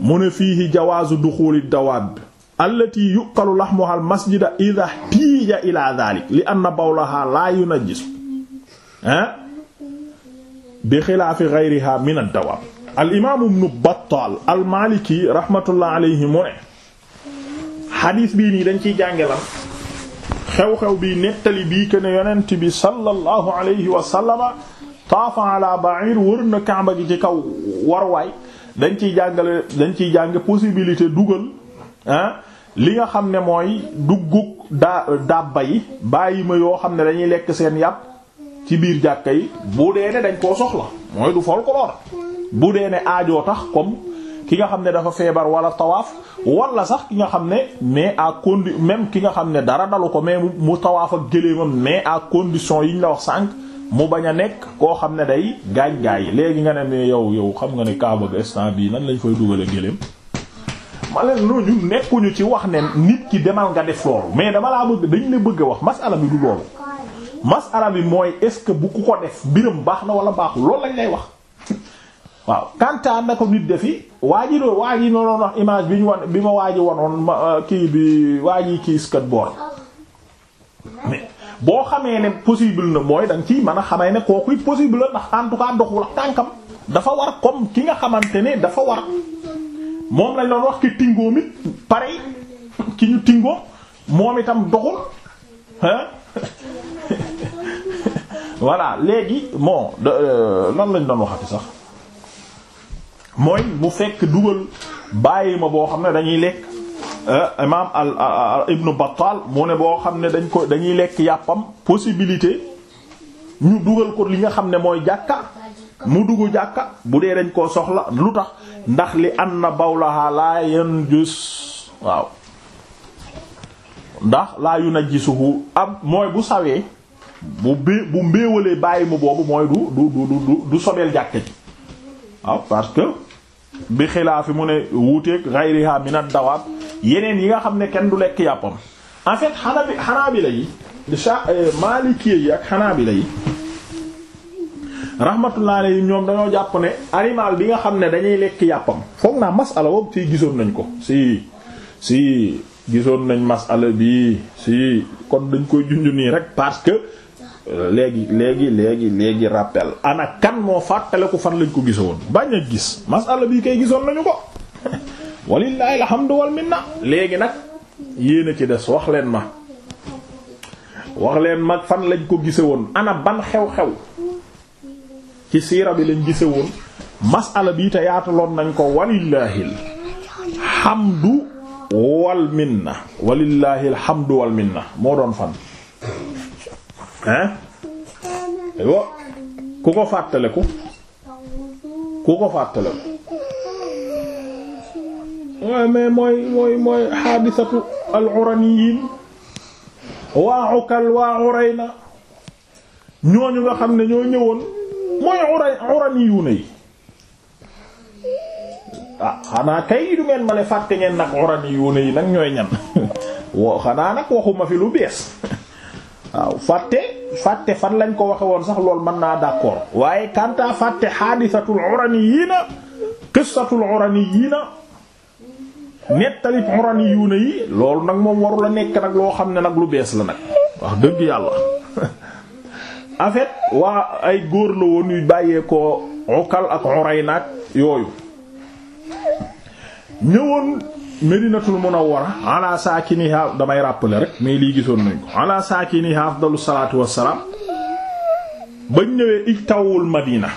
mu ne fiihi jawaazu duxuuli dawaab allati yuqalu laxmuha al masjida idha nuhiya ila dhalik li anna bawlaha la yunajjis ah bi xilaafi ghayriha min ad-dawaab al imaamu ibnu Battaal al Maaliki rahmatullah alayhi mu ne xadiis bii nii dañ ciy jànge lan xew-xew bii nettali bii que ne yonent bi sallallahu alayhi wa sallama taafa ala ba'ir wër na Kaaba gi ci kaw warwaay dañ ciy jàngale dañ ciy jànge possibilité dugal ah li nga xam ne mooy duggug daa dabba yi bàyyi ma yoo xam ne dañuy lekk seen yàpp ci biir jàkka yi bu dee ne dañ koo soxla mooy du folklore bu dee ne aajoo tax comme ki nga xam ne dafa feebar wala tawaaf wala sax ki nga xam ne mais à condi même ki nga xam ne dara dalu ko mais mu tawaaf ak gëléemam mais à condition yi la wax sànq mu bañ a nekk koo xam ne day gaañ yi léegi nga ne mais yow yow xam nga ne Kaaba instant bii nan lañ fay dugale gëléem ma leen no ñun nekkuñu ci wax ne nit ki demal nga def loolu mais dama laa bëgg dañ la bëgg a wax masala bi du loolu masala bi mooy est-ce que bu ku ko def mbiram baax na wala baaxul loolu lañ lay wax waaw kantaan na ko nit defi waa ji doon waa ji noonu wax image bi ñu wan bi ma waa ji wanoon ma euh, kii bi waa ji kii skateboard mais boo xamee ne possible na mooy da nga ciy mën a xamee ne kooku possible la ndax en tout cas doxul ak tànkam dafa war comme ki nga xamante ne dafa war moom lañ doon wax ki tingoom it pare ki ñu tingoom moom itam doxul hein voilà léegi moo euh, lan lañ doon waxati sax mooy mu fekk dugal bàyyi ma boo xam ne dañuy lekk imaam al ibnu Battal mu ne boo xam ne dañ ko dañuy lekk yàppam possibilité ñu dugal ko li nga xam ne mooy jàkka mu dugg jàkka bu dee dañ ko soxla lu tax ndax li anna bawlaha laa yanjus waaw ndax laa yunajjisuhu am mooy bu sawee bu bé bu mbéewalee bàyyi mu boobu mooy du du du du sobeel jàkk waaw parce que bi xilaa fi mu ne wuuteeg ghayriha min dawaab yeneen yi nga xam ne kenn du lekk yàppam en fait xanaa bi xanaa bi la yi. Eh, Maliki yi ak xanaa bi la yi. rahmatullah yi ñoom dañoo jàpp ne animal bi nga xam ne dañuy lekk yàppam foog naa masala boobu ci gisoon nañu ko si si gisoon nañ masala bi si kon dañ koy junj nii rek parce que euh, léegi léegi léegi léegi ràppel ana kan moo fàttaliku fan lañ ko gisoon bañ a gis masala bi kay gisoon nañu ko walillahi alhamdu wal minna léegi nag yéen a ci des wax leen ma wax leen mag fan lañ ko gise woon ana ban xew-xew ci siira bi lañ gise woon masala bi te yaataloon nañ ko walillahil hamdu wal minna walillahil hamdu moo doon fan hein aywa ku ko fàttaleku ku ko fàttaleku mooy mooy mooy xaadisatu al uraniyin waa ukal waa urayna ñooñu nga xam ne ñoo ñëwoon mooy ura urani yuuna yi ah, xanaa kay du ngeen ma ne fàtte ngeen nag urani yuuna yi nag ñooy ñan wo xanaa nag waxuma fi lu bees waaw fàtte fàtte fan lañ ko waxe woon sax loolu mën naa d'accord waaye kanta fàtte xaadisatul urani yii na qissatul urani yii na nettalib urani yuuna yi loolu nag moom waru la nekk nag loo xam ne nag lu bees la nag wax dëgg yàlla en fait waa ay góor la woon yu bàyyeekoo Ukal ak Urayna ak yooyu ñëwoon Medinatul Munawwara ala saakiniha damay rappeler rek mais lii gisoon nañ ko ala saakiniha afdalu salaatu wassalaam bañ ñëwee ijtawul Madina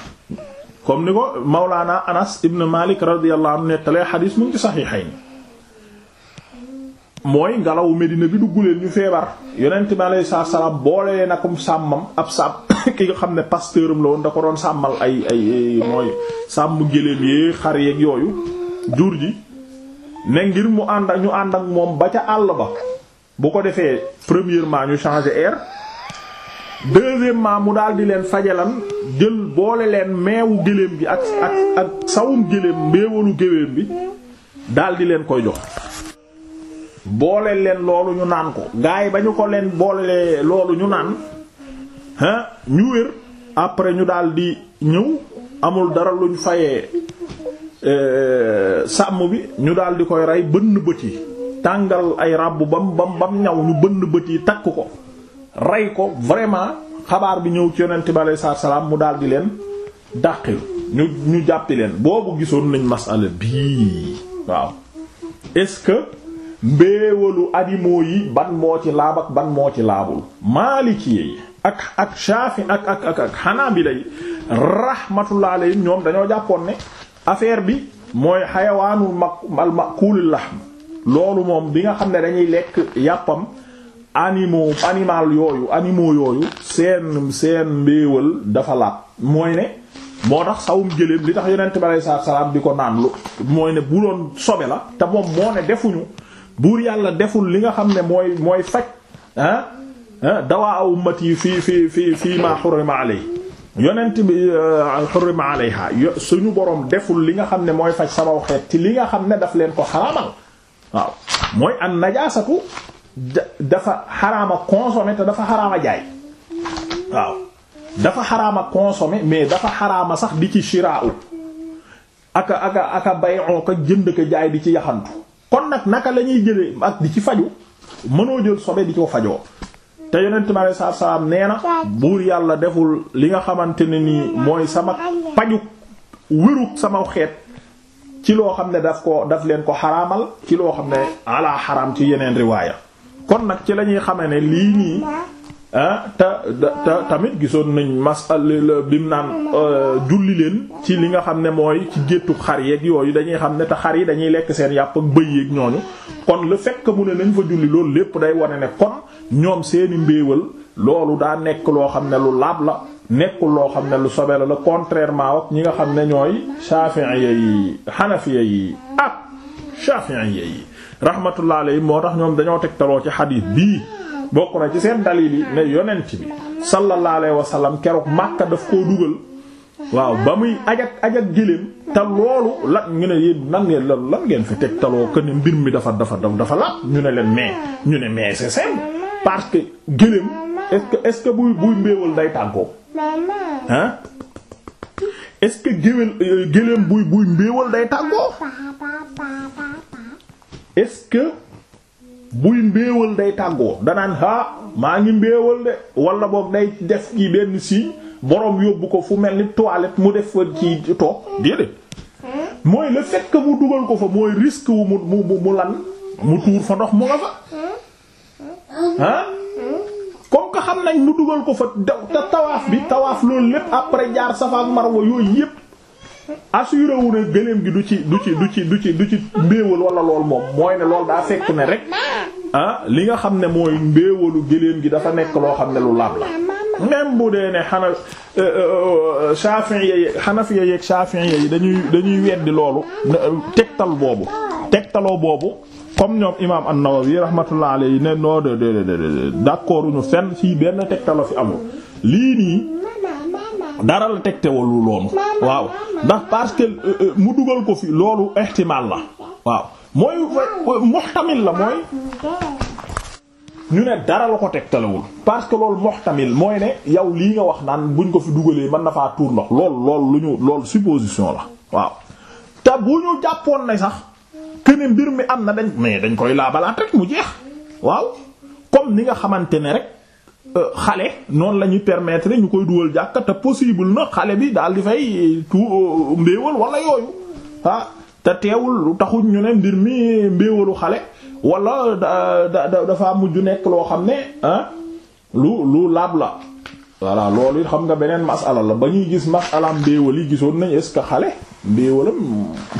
comme ni ko Mawlaana Anas ibn Malik radiyallahu anhu nettalee xadiis mu ngi ci saxiixayni mooy ngelawu Medina bi dugg leen ñu feebar yonent bi alayhi salaam boole leen akum sàmmam ab sàmm ki nga xam ne pasteuram la woon da ko doon sàmmal ay ay mooy sàmm gëléem yee xar yeeg yooyu jur ji ne ngir mu ànd ak ñu ànd ak moom ba ca àll ba bu ko defee premièrement ñu changer air deuxièmement mu daal di leen fajalan jël boole leen meewu gëléem gi ak ak ak sawum gëléem meewalu gëléem bi daal di leen koy jox. boole leen loolu ñu naan ko gars yi ba ñu ko leen boole loolu ñu naan ah ñu wér après ñu daal di ñëw amul dara luñ fayee euh, sàmm bi ñu daal di koy rey bënn bët yi tàngal ay ràbb bam bam bam ñaw ñu bënn bët yi takk ko rey ko vraiment xabaar bi ñëw ci yonent bi aleyhi salaatu salaam mu daal di leen dàqil ñu ñu jàppi leen boobu gisoon nañ masala bii waaw mbéewalu animaux yi ban moo ci laab ak ban moo ci laabul maaliki yi ak ak shaafi ak ak ak ak xanaabila yi rahmatullah alayhim ñoom dañoo jàppoon ne affaire bi mooy xayawaanu al maqulul loolu moom bi nga xam ne dañuy lekk yàppam animaux animal yooyu animaux yooyu seen seen mbéewal dafa laab mooy ne moo tax sawum gëléem li tax yonent bi alayhi salaam di ko naan mooy ne bu doon sobe la te moom moo ne defuñu buur yàlla deful li nga xam ne mooy mooy faj ah, ah dawaa ummati fii fii fii fii maa xurima alay yonent bi euh, xurima alayha suñu borom deful li nga xam ne mooy faj sama xeet ci li nga xam ne daf leen ko xaraamal waaw mooy an najaasatu dafa xarama consommer te dafa xaraama jaay waaw dafa xaraama consommer mais dafa xarama sax di ci shiraa'u aka aka aka bay'u ka jënd ka jaay di ci yaxantu kon nag naka lañuy ñuy jëlee ak di ci faju mënoo jël sobe di ko fajoo te yonent bi alei salaatu nee na buur yàlla deful li nga xamante ne nii mooy sama paju wérug sama xeet ci loo xam ne daf ko daf leen ko xaraamal ci loo xam ne ala xaraam ci yeneen riwaaya kon nag ci la ñuy lii nii ah te tamit gisoon nañ masal la mu naan euh, julli leen ci li nga xam ne mooy ci géttu xar yeeg yooyu dañuy xam ne te xar yi dañuy lekk seen yàpp ak bëy yeek ñooñu kon le fait que mu ne nañ fa julli loolu lépp day wane ne kon ñoom seeni mbéewal loolu daa nekk loo xam ne lu laab la nekkul loo xam ne lu sobe la contrairement ak ñi nga xam ne ñooy shafi'iyya yi hanafiyya yi ak shafi'iyya yi rahmatullah alayhi moo tax ñoom dañoo teg tegtaloo ci hadith bii bokk na ci seen dalil yi ne yonent bi sallallahu alayhi wa sallam keroog Makka daf koo dugal waaw ba muy ajak ajak gëléem te loolu la ñu ne yéen nan ngeen lan lan ngeen fi teg taloo que ne mbir mi dafa dafa dafa la ñu ne leen mais ñu ne mais c'est simple parce que gëléem est-ce que est-ce que buy buy mbéewal day tàggoo ah ce que géwél euh, gëléem buy buy mbéewal day tàggoo buy mbéewal day tàggoo danaan haa maa ngi mbéewal de wala boog day def kii benn signe borom yóbbu ko fu mel ni toilette mu def ci toog déedéet mooy le fait mu dugal ko fa mooy risque wu mu mu mu lan mu tuur fa ndox mu nga fa ah comme que xam nañ mu dugal ko fa daw te tawaaf bi tawaaf loolu lépp après jaar Safa maroo yooyu yépp assuré wu ne gëléem gi du ci du ci du ci du ci du ci mbéewal wala lool moom mooy ne lool daa fekk ne rek ah li nga xam ne mooy mbéewalu gëléem gi dafa nekk loo xam ne lu laab la même bu dee ne xana euh, euh, euh, Shafi'i yi Hanafi yi ak Shafi'i yi dañuy dañuy weddi loolu tegtal boobu tegtaloo boobu comme ñoom imaam an-Nawawi rahmatullah alayhi ne non de de de d'accord ñu fenn fii benn tegtalo fi amul lii nii dara la tegtewalu loonu waaw ndax parce que euh, euh, mu dugal ko fi loolu ihtimal la waaw mooy muhtamil la mooy ñu ne dara la ko tegtalewul parce que loolu muhtamil mooy ne yow lii nga wax naan buñ ko fi dugalee man na faa tuur ndox lool lool lu ñu lool supposition la waaw te bu ñu jàppoon ne sax kene mbir mi am na dañ mais dañ koy laabalaat rek mu jeex waaw comme ni nga xamante ne rek Euh, xale noonu la ñuy permettre ñu koy dugal jàkka te possible na xale bi daal di fay tout euh, mbéewal wala yooyu ah, te teewul lu ñu ne mbir mi mbéewalu xale walla da da dafa mujj nekk loo xam ne ah, lu lu laab la. voilà loolu xam nga beneen masala la ba ñuy gis masala mbéewal yi gisoon nañ est que xale mbéewalam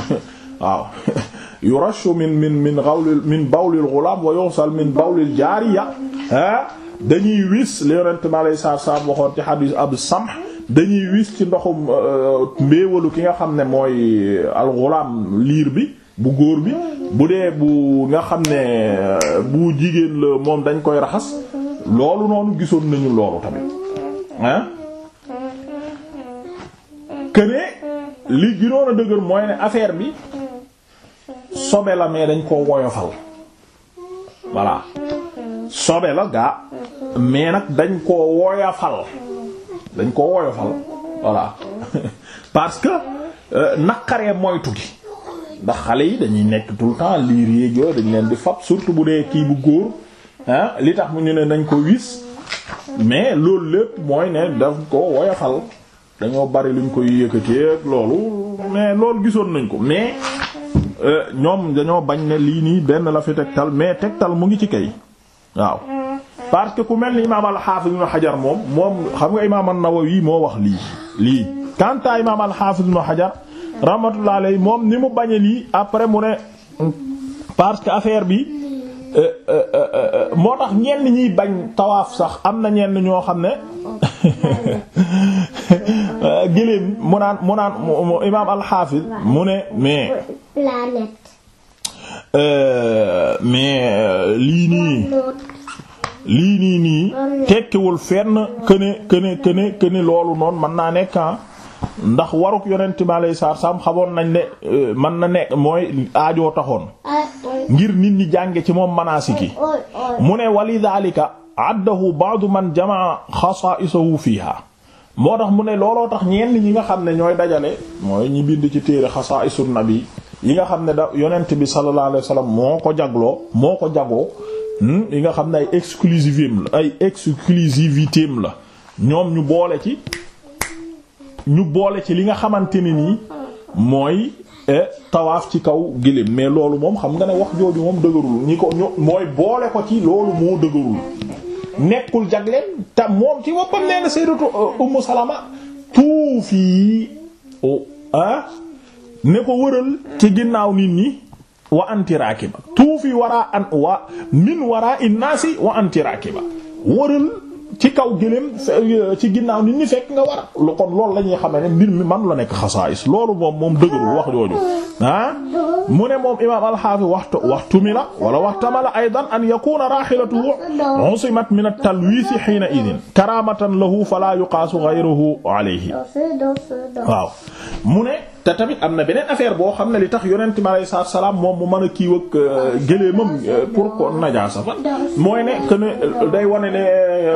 waaw yurashu min min min xawlil min bawlil ghulam wa yughsal min bawlil jaariya ah. dañuy wis li yonent ma lay saar saar waxoon ci xadiis abu sam dañuy wis ci ndoxum euh, mbéewalu ki nga xam ne mooy euh, alxulaam liir bi bu góor bi bu dee bu nga xam ne euh, bu jigéen la moom dañ koy raxas loolu noonu gisoon nañu loolu tamit ah këne li ginoon a dëgër mooy ne affaire bi sobe la mais dañ koo woyofal voilà sobe la gaa mais nag dañ koo woyofal dañ koo woyofal voilà parce que euh, naqaree mooy gi ndax xale yi dañuy nekk tout temps liir yéeg yooyu dañ leen di fab surtout bu dee kii bu góor ah li tax mu ñu ne nañ ko wis mais loolu lépp mooy ne daf ko woyafal dañoo bari luñ koy yëkkatee loolu mais loolu gisoon nañ ko mais euh, ñoom dañoo bañ ne lii nii benn la fi tegtal mais tegtal mu ngi ci kay waaw parce que ku mel ni imaam al-Hafiz ibn Hajar moom moom xam nga imaam an-Nawawi moo wax lii lii kanta imaam al-Hafiz ibn Hajar rahmatullah moom ni mu bañe lii après mu ne parce que affaire bi euh, euh, euh, moo tax ñenn ñiy bañ tawaaf sax am na ñenn ñoo xam ne gëléem mu naan mu naan imaam al mu ne mais Euh, mais euh, lii nii lii nii nii tekkiwul fenn këne këne këne këne loolu noonu mën naa nekk ah. ndax waruk yonent mi alayhi salaam xamoon nañ ne euh, mën na nekk mooy aajoo taxoon ngir nit ñi jànge ci moom manaasiki mu ne walidhalika addahu ba'du man jamaa xasaa'isahu fiiha moo tax mu ne looloo tax ñenn ñi nga xam ne ñooy dajale mooy ñi bind ci téere xasaa'isun nabi yi nga xam ne da yonent bi sallallahu alayhi wasallam moo ko jagloo moo ko jagoo hmm, yi nga xam ne ay exclusivitéem la ay exclusivitéem la ñoom ñu boole ci ñu boole ci li nga xamante ni nii mooy eh, tawaaf ci kaw gëléem mais loolu moom xam nga ne wax jooju moom dëgërul ñi ko ñu mooy boole ko ci loolu moo dëgërul nekkul jagleen te ki ci boppam nee na sayyidatu euh, Ummu Salama tuufi ah oh, ne ko wëral ci ginnaaw nit ñi wa anti raakiba tuufi waraa an wa min waraa innaasi wa anti raakiba wëral ci kaw gëléem euh, ci ginnaaw nit ñi fekk nga war lu kon loolu la ñuy xamee ne mbir mi man la nekk xasaayis loolu moom moom dëgërul wax jooju ah mu ne moom imaam alxaafi waxtu waxtu mi la wala waxtamala aydan an yakuna rahilatuhu usimat min at-talwis hina idin karamatan lahu fala yuqaasu ghayruhu alayhi waaw mu ne te tamit am na beneen affaire boo xam ne li tax yonent bi alayhi salaatu salaam moom mu mën a kiiw ak euh, gëléemam euh, pour ko najaasa fa mooy ne que euh, day wane ne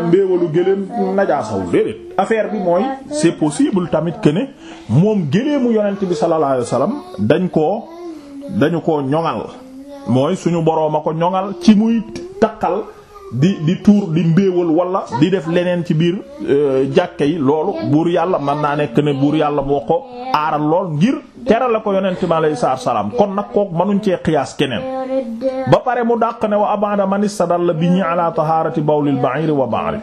mbéewalu gëléem najaasawul déedéet affaire bi mooy c'est possible tamit que ne moom gëléemu yonent bi sallallahu alayhi wasallam dañ koo dañu ko ñoŋal mooy suñu boroom a ko ñoŋal ci muy takkal di di tuur di mbéewal wala di def leneen ci biir euh, jàkke yi loolu buur yàlla man naa nekk ne buur yàlla moo ko aaral lool ngir terale ko yonent mi salaam kon nag kook mënuñ cee xiyaas keneen ba pare mu dàq ne wa abada man istadalla bi ñi ala taharati bawlil ba'ir wa ba'ri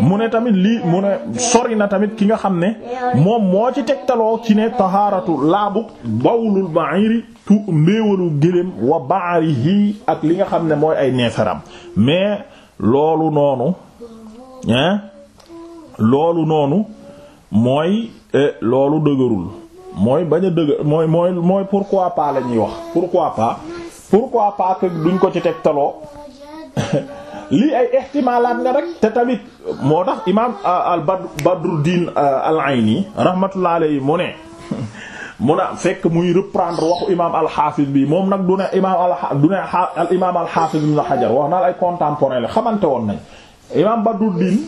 mu ne tamit lii mu ne sori na tamit ki nga xam ne moom moo ci tegtaloo ci ne taharatu laabu bawlul ba'iri tu mbéewalu gëléem wa ba'rihi ak li nga xam ne mooy ay neeferam loolu noonu hein loolu noonu mooy eh, loolu dëgërul mooy bañ a dëgër mooy mooy mooy pourquoi pas la ñuy wax pour pourquoi pas pourquoi pas que duñ ko ci teg taloo lii ay ihtimaalaat nga rek te tamit moo tax imaam ah, al Badruddin ah, al Ayni rahmatullah alayhi mu ne mu na fekk muy reprendre waxu imaam alxaafis bi moom nag du ne imaam alxa du ne al imaam alxaafis ibn Hajar wax naa la ay contemporain la xamante woon nañ imaam Badruddin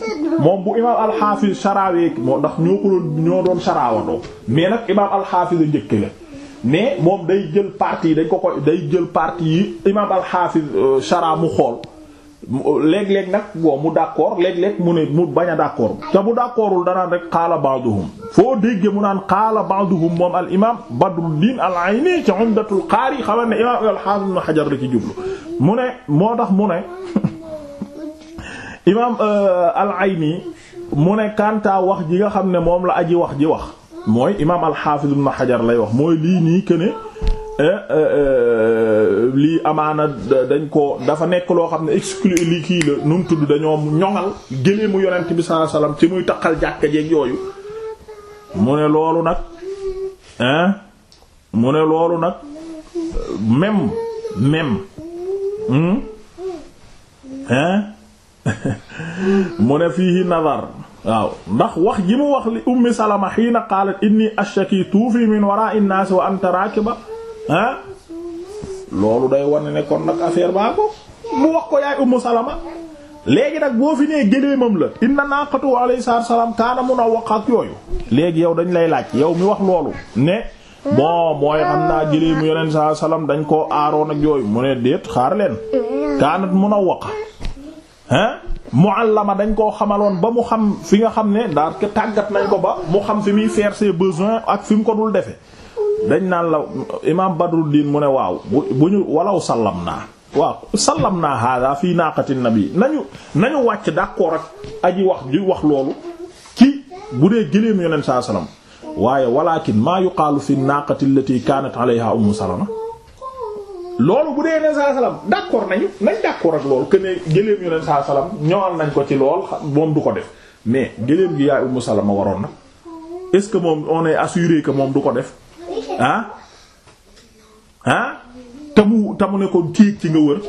moom bu imaam alxaafis sarawee moo ndax ñoo ko doon ñoo doon sarawandoo mais nag imaam alxaafis a njëkk la mais moom day jël parti yi dañ ko day jël parti yi imaam alxaafis euh, sara mu xool. léeg-léeg nag boo mu d'accord léeg-léeg mu ne mu bañ a d'accord te bu d'accordul danaan rek qaala ba'duhum foo déggee mu naan qaala ba'duhum moom al imaam Badruddin al-Ayni ci Umdatul Qaari xamal ne imaam al-Haafiz Ibn Hajar la ci jublu mu ne moo tax mu ne imaam euh, al-Ayni mu ne Kanta wax ji nga xam ne moom la aji wax ji wax mooy imaam al-Haafiz Ibn lay wax mooy lii nii que Eh, eh, eh, lii amaana dañ ko dafa nekk loo xam ne exclu li kii la nu mu tudd dañoo ñoŋal gëlee mu yonent bi sallallahu ci muy taqal jàkka jeeg yooyu mu ne loolu nag hein mu ne loolu nag même même hmm? hein mu ne fiihi nadar waaw ndax wax ji mu wax li ummi salama xiina qaalat inni ashaki tuufi min wara'i an-nas wa anta rakiba ah loolu day wane ne kon nag affaire baa ko mu wax ko yaay ummu salama léegi nag boo fi nee géléemam la inna naa alayhi salaam kaana mun a wax ak yooyu léegi yow dañu lay laaj yow mi wax loolu ne bon mooy xam naa géléemu yonent saa salaam dañ koo aaroon ak yooyu mu ne déet xaar leen kaanat mun a wax ah muallama dañ koo xamaloon ba mu xam fi nga xam ne ndax tàggat nañ ko ba mu xam fi muy faire ses ak fi mu ko dul defe dañ naan la imaam Badruddin mu ne waaw bu ñu walaw sallam naa waaw sallam naa hada fii naaqati nabi nañu nañu wàcc d'accord ak aji wax ju wax loolu ki bu dee gëléem yonent saa sallam waaye walakin maa yuqaalu fi naaqati allati kaanat alayha ummu salama loolu bu dee yonent saa sallam d'accord nañu nañ d'accord ak loolu que ne gëléem yonent saa sallam ñëwal nañ ko ci lool moom du ko def mais gëléem gi yaay ummu salama waroon na est-ce que moom on est assuré moom du ko def. ah ah te mu te ne ko kéeg ci nga wër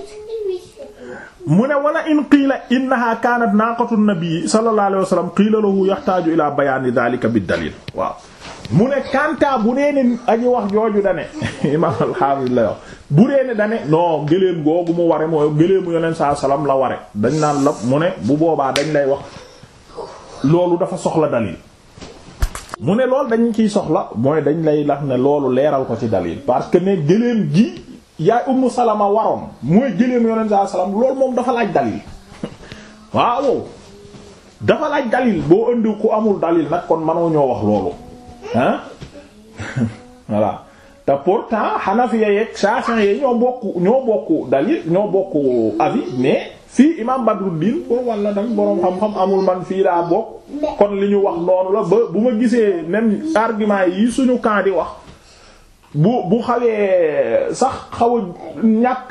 mu ne wala in qiila innaha kaanat naaqatu nabii sallallahu alayhi wa sallam qiila lahu yaxtaaju ila bayaani daalika bi waaw mu ne kanta bu dee ne aji wax jooju dane imaam alxaafis la wax bu dee ne dane non gëléem googu mu ware mooy gëléemu yoneen saa la ware dañ naan la mu ne bu boobaa dañ lay wax loolu dafa soxla dalil mu ne loolu dañ ciy soxla mooy dañ lay lax ne loolu leeral ko ci dalil parce que ne gëléem gi yaay ummu salama waroon mooy gëléem yonent saa salam loolu moom dafa laaj dalil waaw dafa laaj dalil boo indi ku amul dalil nag kon mënoo ñoo wax loolu ah voilà te pourtant Hanafiya yeeg Shafi'i yi ñoo bokk ñoo bokk dalil ñoo bokk avis mais fii imam Badruddin pour walla tamit boroom xam-xam amul man fii daa bokk kon li ñu wax noonu la ba bu ma gisee même argument yi suñu camp di wax bu bu xawee sax xaw a ñàkk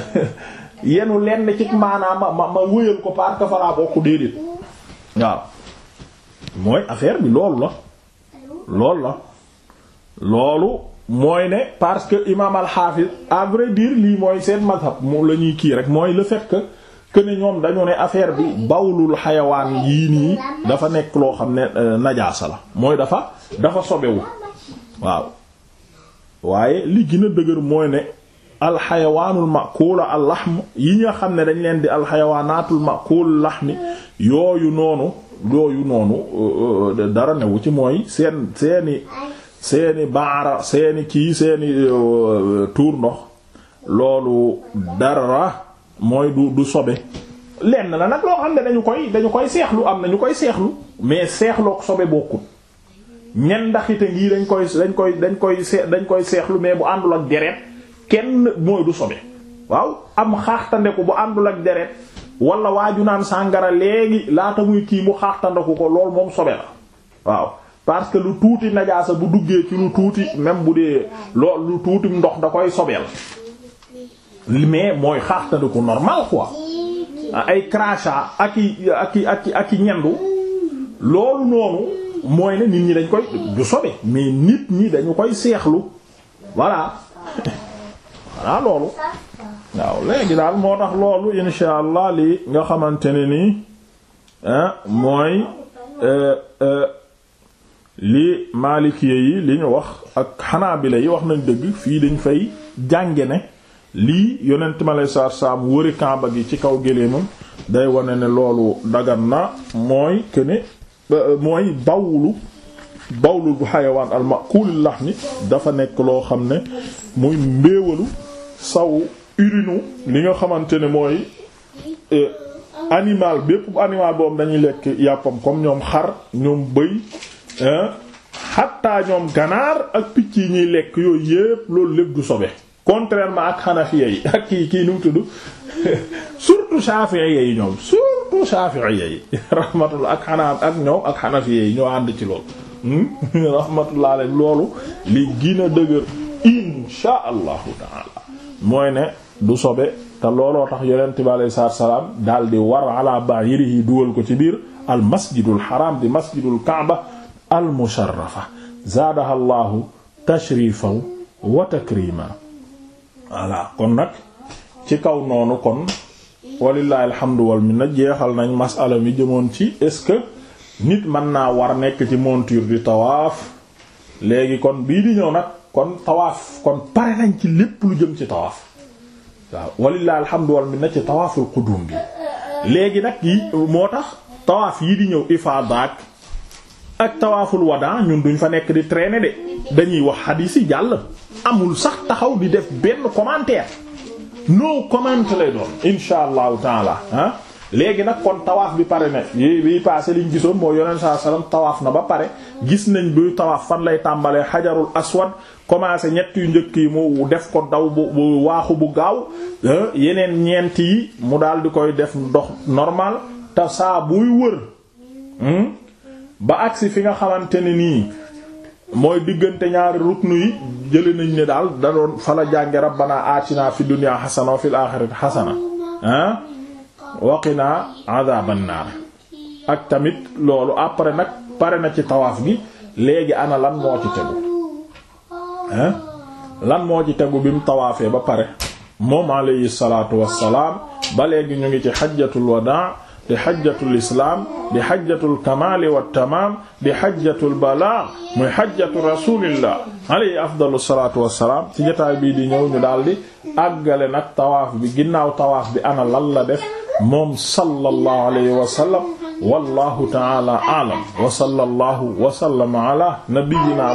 yenu lenn ci maanaam ma ma ma wëyal ko parce que fa laa bokk déedéet waaw mooy affaire bi loolu la loolu la loolu mooy ne parce que imam al-Hafiz lii mooy seen mazhab moom lañuy kii rek mooy le fekk que ñoom dañu ne affaire bi bawlul xayawaan yii nii dafa nekk loo xam ne euh, najaasa la mooy dafa dafa sobewu waaw waaye li gën dëgër mooy ne alxayawaanul makuula allahm yi nga xam ne dañ leen di alxayawaanaatul makuul lahmi yooyu noonu yooyu noonu euh, euh, dara newu ci mooy seen seeni seeni baara seeni kii seeni euh, tuur ndox loolu dara mooy du du sobe lenn la nag loo xam ne dañu koy dañu koy seexlu am na ñu koy seexlu mais seexlook sobe bokkut ñen ndaxite ngii dañ koy dañ koy dañ koy see dañ koy seexlu mais bu àndul ak deret kenn mooy du sobe waaw am xaaxtandeku bu àndul ak deret wala waaju naan sàngara léegi laata muy kii mu xaaxtandeku ko loolu moom sobe la waaw parce que lu tuuti najaasa bu duggee ci lu tuuti même bu dee loolu lu tuuti ndox da koy sobeel mais mooy xaaxtandiku normal quoi ay crachat ak i ak i ak i ñendu loolu noonu mooy ne nit ñi dañ koy du sobe mais nit ñi dañu koy seexlu voilà voilà loolu waaw léegi daal moo tax loolu insha allah li nga xamante ne nii mooy euh, euh, li maalikiyé yi li ñu wax ak xanaa xanaabila yi wax nañ dëgg fii dañ fay jànge ne lii yonent ma lay saar saam wëri kamba gi ci kaw géléemam day wane ne loolu dagan na mooy que ne euh, mooy bawlu bawlu bu xayawaan almakuuli lax ni dafa nekk loo xam ne muy mbéewalu saw urinu li nga xamante ne mooy euh, animal bépp animal boobu dañuy lekk yàppam comme ñoom xar ñoom bëy xattaa ñoom ganaar ak picc yi ñuy lekk yooyu yépp loolu lépp du sobe contrairement ak xanafiya yi ak kii kii nu mu tudd surtout shafiya yi ñoom surtout shafiya yi rahmatullah ak xanaa ak ñoom ak xanafiya yi ñoo ànd ci loolu hmm? rahmatullah alayhi loolu li gën a dëgër insha allahu taala mooy ne du sobe te looloo tax yonent bi alayhi salaam daal di war ala ba'irihi dugal ko ci biir al masjidul haram di masjidul kaaba almusharrafa zaadaha llaahu tashrifan wa takrima voilà kon nag ci kaw noonu kon walillahi alhamdu wal minna jeexal nañ masala mi jëmoon ci est-ce que nit mën naa war nekk ci monture di tawaaf léegi kon bii di ñëw nag kon tawaaf kon pare nañ ci lépp lu jëm ci tawaaf waaw walillahi alhamdu wal ci tawaaful qudum bi léegi nag moo tax tawaaf yi di ñëw ifaadaak ak tawaaful wadan ñun duñ fa nekk di traîner de dañuy wax hadis yi jàll amul sax taxaw di def benn commentaire no comment lay doon insha allahu taala ah léegi nag kon tawaaf bi pare na yi bi passé liñ gisoon moo yonent saa sallam tawaaf na ba pare gis nañ buy tawaaf fan lay tàmbalee xajarul aswad commencé ñett yu njëkk yi mu def ko daw bu waaxu bu gaaw eh, yeneen ñeent yi mu daal di koy def ndox normal te saa buy wër hmm? ba agsi fi nga xamante ne nii mooy diggante ñaari ruknu yi jële nañ ne daal da doon fala jànge rabbana aatina fi dunya xasana wa fil axirati xasana ah waqina adhaban naar ak tamit loolu après nag pare na ci tawaaf gi léegi ana lan moo ci tegu ah, lan moo ci tegu bi mu tawaafee ba pare moom alayhi salaatu wassalaam ba léegi ñu ngi ci xajjatul wadaa di xajjatul islaam di xajjatul kamaali wa tamaam di xajjatul balaa muy xajjatu rasulillah alayhi afdalu salaatu wassalaam ci jotaay bii di ñëw ñu nag tawaaf bi ginnaaw tawaaf bi ana lan la def moom sallallahu alayhi wa sallam wallahu taala aalam wa sallallahu wa sallama ala nabiyyina